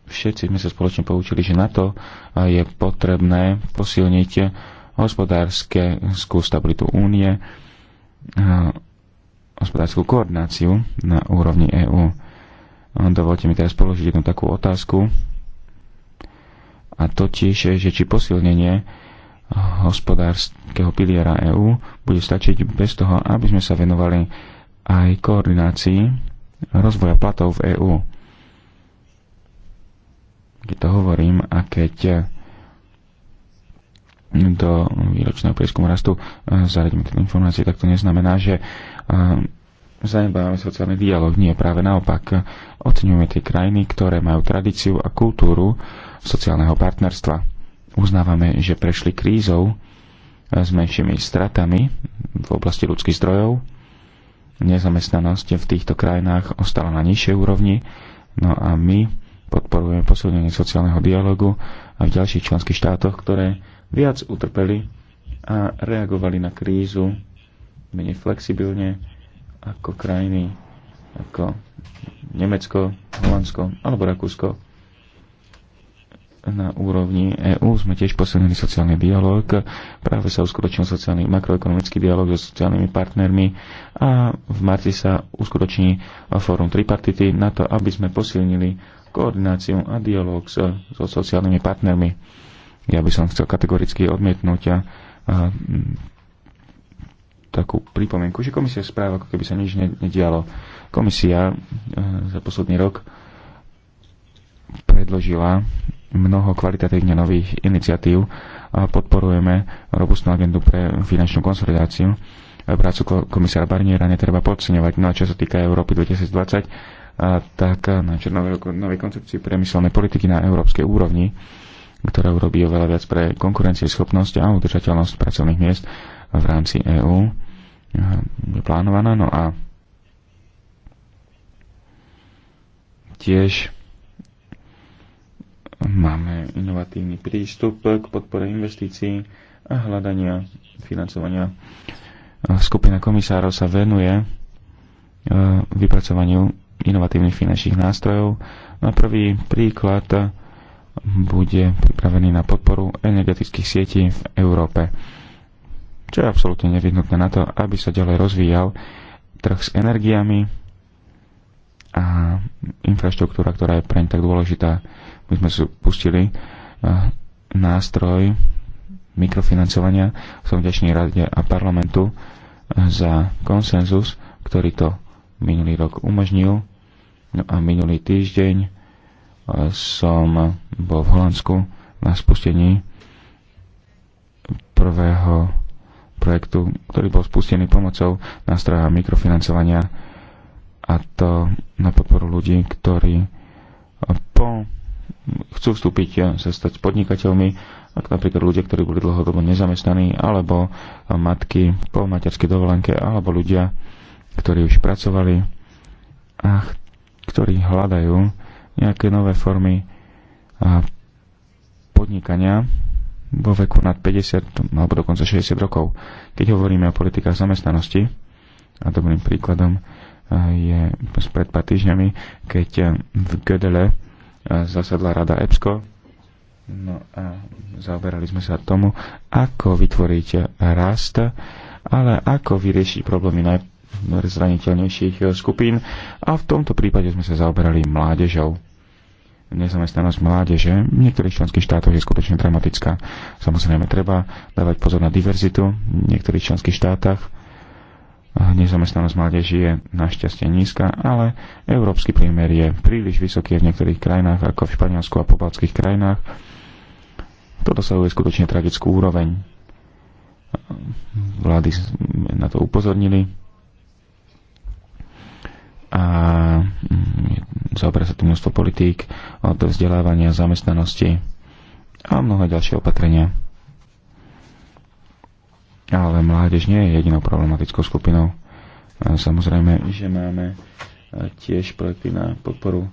všetci sme sa spoločne poučili, že na to eh, je potrebné posilniť hospodárske stabilitu únie, eh, hospodárskú koordináciu na úrovni EÚ. Dovolte mi teraz položiť jednu takú otázku, a totiž, eh, že či posilnenie hospodárskeho piliera EÚ bude stačiť bez toho, aby sme sa venovali aj koordinácii rozvoja platov v EÚ. Keď to hovorím a keď do výročného prieskumu rastu e, zaradíme tieto informácie, tak to neznamená, že e, zanedbávame sociálny dialog. Nie, práve naopak. Oceňujeme tie krajiny, ktoré majú tradíciu a kultúru sociálneho partnerstva. Uznávame, že prešli krízou e, s menšími stratami v oblasti ľudských zdrojov, nezamestnanosť v týchto krajinách ostala na nižšej úrovni. No a my podporujeme posilnenie sociálneho dialogu a v ďalších členských štátoch, ktoré viac utrpeli a reagovali na krízu menej flexibilne ako krajiny ako Nemecko, Holandsko alebo Rakúsko na úrovni EÚ sme tiež posilnili sociálny dialog. Práve sa uskutočnil sociálny, makroekonomický dialog so sociálnymi partnermi a v marci sa uskutoční fórum tripartity na to, aby sme posilnili koordináciu a dialog so, so sociálnymi partnermi. Ja by som chcel kategoricky odmietnúť a, a, takú pripomienku, že komisia správa, ako keby sa nič nedialo. Komisia a, e, za posledný rok predložila mnoho kvalitatívne nových iniciatív. Podporujeme robustnú agendu pre finančnú konsolidáciu. Prácu komisára Barniera netreba podceňovať. No a čo sa týka Európy 2020, tak na novej koncepcii priemyselnej politiky na európskej úrovni, ktorá urobí oveľa viac pre konkurencieschopnosť a udržateľnosť pracovných miest v rámci EÚ, je plánovaná. No a tiež Máme inovatívny prístup k podpore investícií a hľadania financovania. Skupina komisárov sa venuje e, vypracovaniu inovatívnych finančných nástrojov. Na prvý príklad bude pripravený na podporu energetických sietí v Európe, čo je absolútne nevyhnutné na to, aby sa ďalej rozvíjal trh s energiami a infraštruktúra, ktorá je preň tak dôležitá. My sme si pustili eh, nástroj mikrofinancovania. Som vďačný rade a parlamentu eh, za konsenzus, ktorý to minulý rok umožnil. No a minulý týždeň eh, som bol v Holandsku na spustení prvého projektu, ktorý bol spustený pomocou nástroja mikrofinancovania a to na podporu ľudí, ktorí po chcú vstúpiť eh, sa stať podnikateľmi, ak napríklad ľudia, ktorí boli dlhodobo nezamestnaní, alebo eh, matky po materskej dovolenke, alebo ľudia, ktorí už pracovali a ktorí hľadajú nejaké nové formy eh, podnikania vo veku nad 50 alebo dokonca 60 rokov. Keď hovoríme o politikách zamestnanosti, a dobrým príkladom je pred pár týždňami, keď v Gödele zasadla rada EPSCO. No a zaoberali sme sa tomu, ako vytvoriť rast, ale ako vyriešiť problémy najzraniteľnejších skupín. A v tomto prípade sme sa zaoberali mládežou. Nezamestnanosť mládeže v niektorých členských štátoch je skutočne dramatická. Samozrejme, treba dávať pozor na diverzitu v niektorých členských štátach Nezamestnanosť mládeži je našťastie nízka, ale európsky priemer je príliš vysoký v niektorých krajinách, ako v Španielsku a pobaltských krajinách. To dosahuje skutočne tragickú úroveň. Vlády na to upozornili a mm, zaoberá sa tu množstvo politík od vzdelávania, zamestnanosti a mnohé ďalšie opatrenia. Ale mládež nie je jedinou problematickou skupinou. E, samozrejme, že máme e, tiež projekty na podporu e,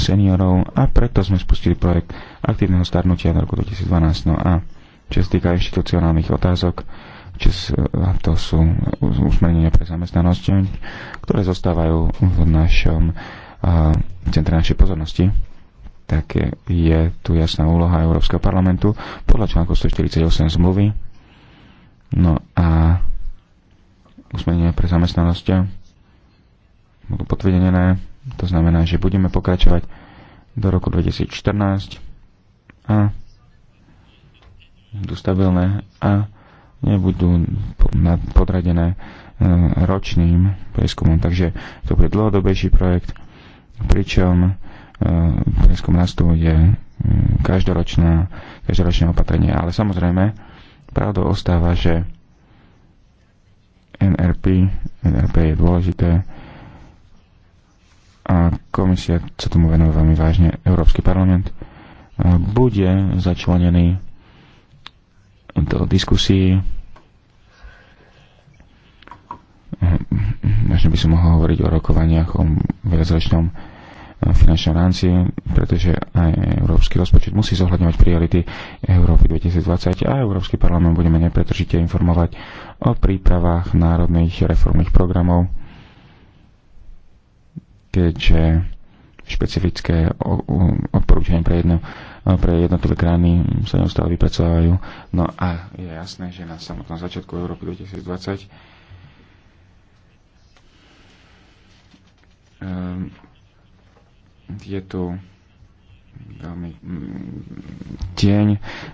seniorov a preto sme spustili projekt aktívneho starnutia do roku 2012. No a čo sa týka inštitucionálnych otázok, čo to sú usmernenia pre zamestnanosť, ktoré zostávajú v našom v centre našej pozornosti, tak je tu jasná úloha Európskeho parlamentu podľa článku 148 zmluvy No a usmernenia pre zamestnanosť budú potvrdené. To znamená, že budeme pokračovať do roku 2014 a budú stabilné a nebudú podradené e, ročným prieskumom. Takže to bude dlhodobejší projekt, pričom e, prieskum rastu je mm, každoročné, každoročné opatrenie. Ale samozrejme, Pravdou ostáva, že NRP, NRP je dôležité a komisia sa tomu venuje veľmi vážne. Európsky parlament eh, bude začlenený do diskusí. Eh, možno by som mohol hovoriť o rokovaniach, o viacročnom finančnom rámci, pretože aj európsky rozpočet musí zohľadňovať priority Európy 2020 a Európsky parlament budeme nepretržite informovať o prípravách národných reformných programov, keďže špecifické odporúčania pre, jedno, pre jednotlivé krajiny sa neustále vypracovajú. No a je jasné, že na samotnom začiatku Európy 2020 um, ehm, je tu veľmi mm, tieň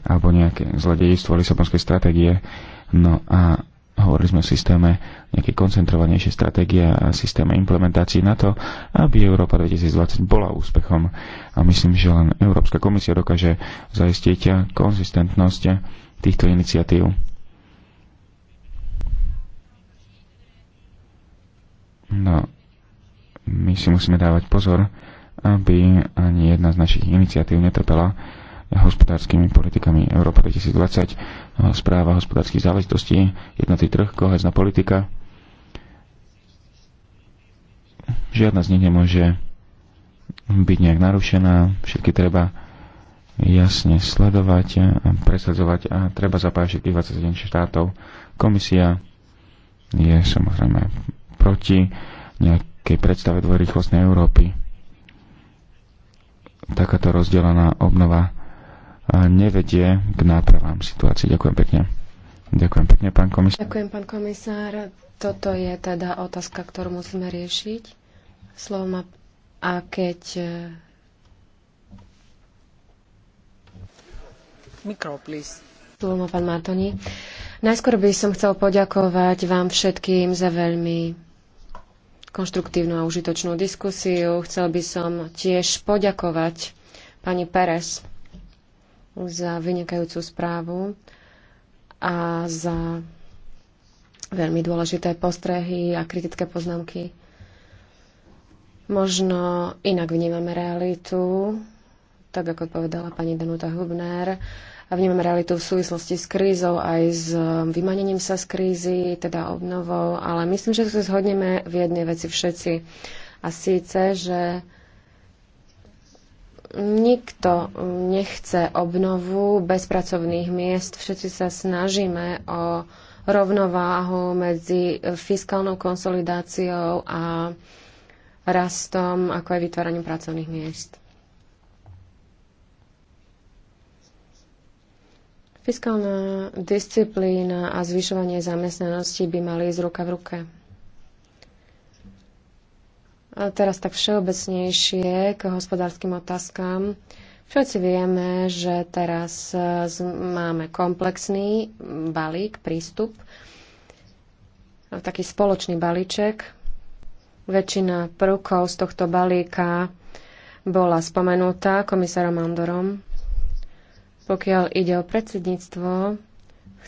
alebo nejaké zlodejstvo Lisabonskej stratégie. No a hovorili sme o systéme nejaké koncentrovanejšie stratégie a systéme implementácií na to, aby Európa 2020 bola úspechom. A myslím, že len Európska komisia dokáže zaistiť konzistentnosť týchto iniciatív. No, my si musíme dávať pozor aby ani jedna z našich iniciatív netrpela hospodárskymi politikami Európa 2020, správa hospodárskych záležitostí, jednotý trh, kohezná politika. Žiadna z nich nemôže byť nejak narušená, všetky treba jasne sledovať a presadzovať a treba zapášiť tých 27 štátov. Komisia je samozrejme proti nejakej predstave dvojrýchlostnej Európy takáto rozdelená obnova nevedie k nápravám situácie. Ďakujem pekne. Ďakujem pekne, pán komisár. Ďakujem, pán komisár. Toto je teda otázka, ktorú musíme riešiť. Slovo má... A keď... E, Mikroplis. Slovo má pán Martoni. Najskôr by som chcel poďakovať vám všetkým za veľmi konštruktívnu a užitočnú diskusiu. Chcel by som tiež poďakovať pani Perez za vynikajúcu správu a za veľmi dôležité postrehy a kritické poznámky. Možno inak vnímame realitu, tak ako povedala pani Danuta Hubner a vnímame realitu v súvislosti s krízou aj s um, vymanením sa z krízy, teda obnovou, ale myslím, že sa zhodneme v jednej veci všetci. A síce, že nikto um, nechce obnovu bez pracovných miest. Všetci sa snažíme o rovnováhu medzi e, fiskálnou konsolidáciou a rastom, ako aj vytváraním pracovných miest. Fiskálna disciplína a zvyšovanie zamestnanosti by mali ísť ruka v ruke. A teraz tak všeobecnejšie k hospodárskym otázkam. Všetci vieme, že teraz e, máme komplexný balík, prístup, e, taký spoločný balíček. Väčšina prvkov z tohto balíka bola spomenutá komisárom Andorom pokiaľ ide o predsedníctvo,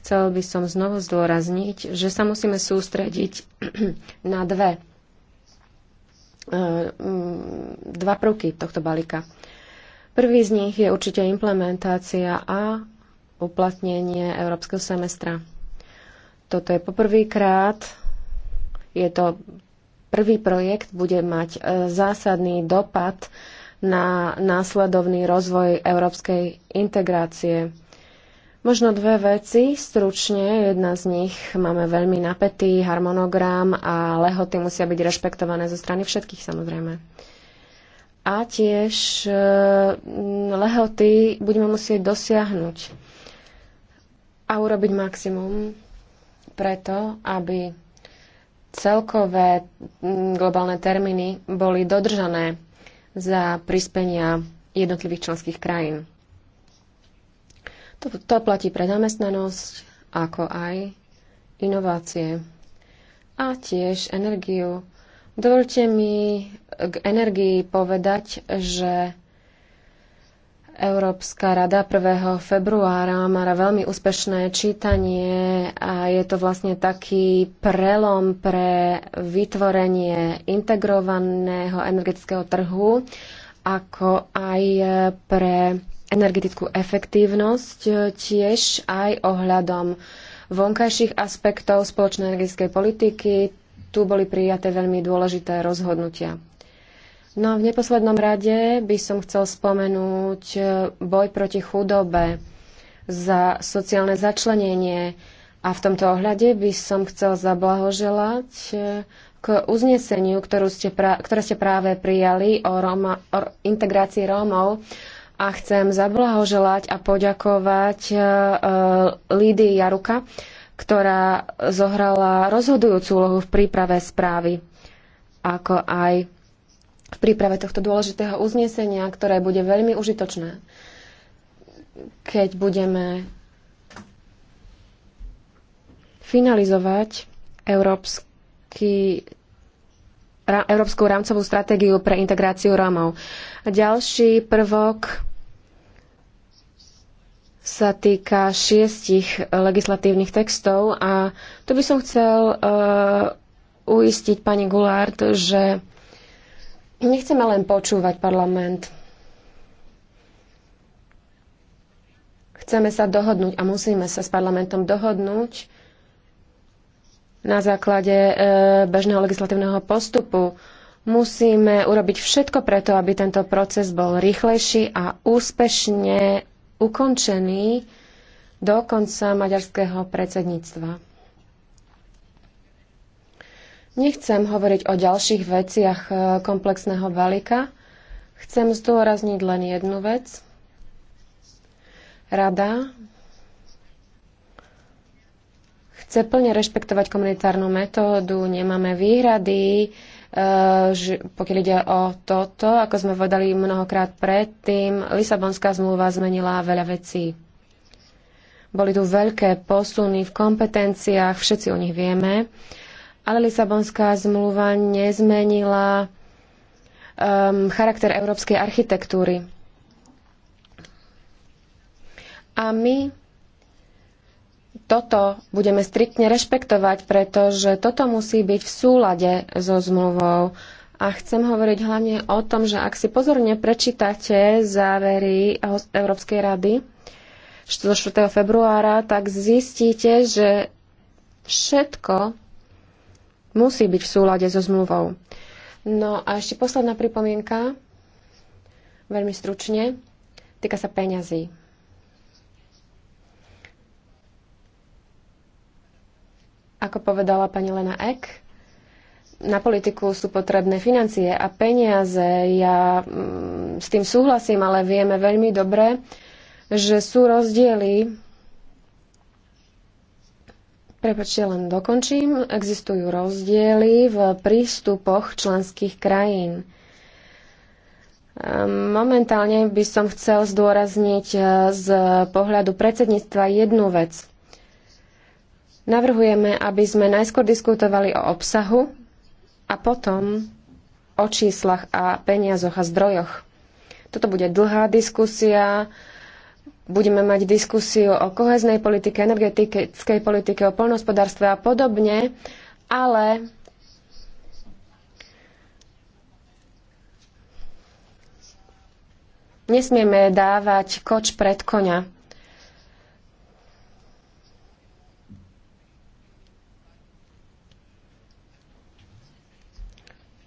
chcel by som znovu zdôrazniť, že sa musíme sústrediť na dve e, mm, dva prvky tohto balíka. Prvý z nich je určite implementácia a uplatnenie európskeho semestra. Toto je poprvýkrát, je to prvý projekt, bude mať e, zásadný dopad na následovný rozvoj európskej integrácie. Možno dve veci, stručne, jedna z nich máme veľmi napätý harmonogram a lehoty musia byť rešpektované zo strany všetkých samozrejme. A tiež e, lehoty budeme musieť dosiahnuť a urobiť maximum preto, aby celkové globálne termíny boli dodržané za prispenia jednotlivých členských krajín. To, to platí pre zamestnanosť, ako aj inovácie a tiež energiu. Dovolte mi k energii povedať, že Európska rada 1. februára má veľmi úspešné čítanie a je to vlastne taký prelom pre vytvorenie integrovaného energetického trhu, ako aj pre energetickú efektívnosť, tiež aj ohľadom vonkajších aspektov spoločnej energetickej politiky. Tu boli prijaté veľmi dôležité rozhodnutia. No a v neposlednom rade by som chcel spomenúť e, boj proti chudobe za sociálne začlenenie a v tomto ohľade by som chcel zablahoželať e, k uzneseniu, ktorú ste pra- ktoré ste práve prijali o, Róma, o integrácii Rómov a chcem zablahoželať a poďakovať uh, Lídii Jaruka, ktorá zohrala rozhodujúcu úlohu v príprave správy, ako aj v príprave tohto dôležitého uznesenia, ktoré bude veľmi užitočné, keď budeme finalizovať európsky, rá, európsku rámcovú stratégiu pre integráciu Rómov. A ďalší prvok sa týka šiestich legislatívnych textov a tu by som chcel uh, uistiť pani Gulard, že Nechceme len počúvať parlament. Chceme sa dohodnúť a musíme sa s parlamentom dohodnúť na základe e, bežného legislatívneho postupu. Musíme urobiť všetko preto, aby tento proces bol rýchlejší a úspešne ukončený do konca maďarského predsedníctva. Nechcem hovoriť o ďalších veciach e, komplexného balíka. Chcem zdôrazniť len jednu vec. Rada chce plne rešpektovať komunitárnu metódu, nemáme výhrady, e, že pokiaľ ide o toto, ako sme vodali mnohokrát predtým, Lisabonská zmluva zmenila veľa vecí. Boli tu veľké posuny v kompetenciách, všetci o nich vieme. Ale Lisabonská zmluva nezmenila um, charakter európskej architektúry. A my toto budeme striktne rešpektovať, pretože toto musí byť v súlade so zmluvou. A chcem hovoriť hlavne o tom, že ak si pozorne prečítate závery Európskej rady zo 4. februára, tak zistíte, že všetko musí byť v súlade so zmluvou. No a ešte posledná pripomienka, veľmi stručne, týka sa peňazí. Ako povedala pani Lena Ek, na politiku sú potrebné financie a peniaze. Ja mm, s tým súhlasím, ale vieme veľmi dobre, že sú rozdiely Prepačte, len dokončím. Existujú rozdiely v prístupoch členských krajín. Ehm, momentálne by som chcel zdôrazniť eh, z pohľadu predsedníctva jednu vec. Navrhujeme, aby sme najskôr diskutovali o obsahu a potom o číslach a peniazoch a zdrojoch. Toto bude dlhá diskusia, budeme mať diskusiu o koheznej politike, energetickej politike, o polnospodárstve a podobne, ale nesmieme dávať koč pred konia.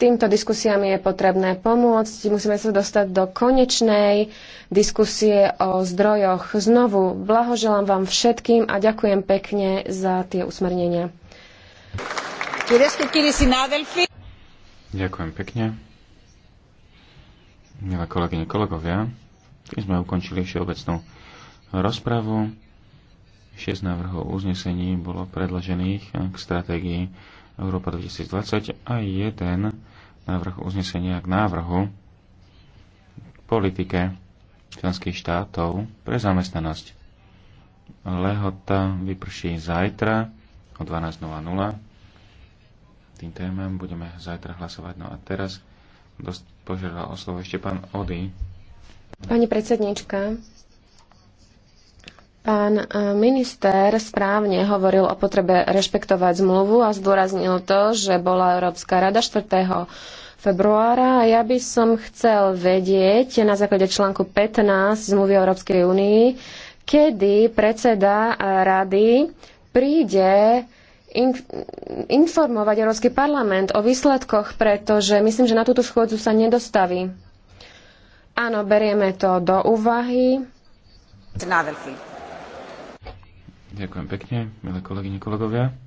Týmto diskusiám je potrebné pomôcť. Musíme sa dostať do konečnej diskusie o zdrojoch. Znovu blahoželám vám všetkým a ďakujem pekne za tie usmernenia. Ďakujem pekne. Milé kolegyne, kolegovia, my sme ukončili všeobecnú rozpravu. 6 návrhov uznesení bolo predložených k stratégii Európa 2020 a jeden návrh uznesenia k návrhu politike členských štátov pre zamestnanosť. Lehota vyprší zajtra o 12.00. Tým témam budeme zajtra hlasovať. No a teraz požiadal o slovo ešte pán Ody. Pani predsednička, Pán e, minister správne hovoril o potrebe rešpektovať zmluvu a zdôraznil to, že bola Európska rada 4. februára a ja by som chcel vedieť na základe článku 15 zmluvy Európskej únii, kedy predseda rady príde informovať Európsky parlament o výsledkoch, pretože myslím, že na túto schôdzu sa nedostaví. Áno, berieme to do úvahy. Ďakujem pekne, milé kolegyne, kolegovia.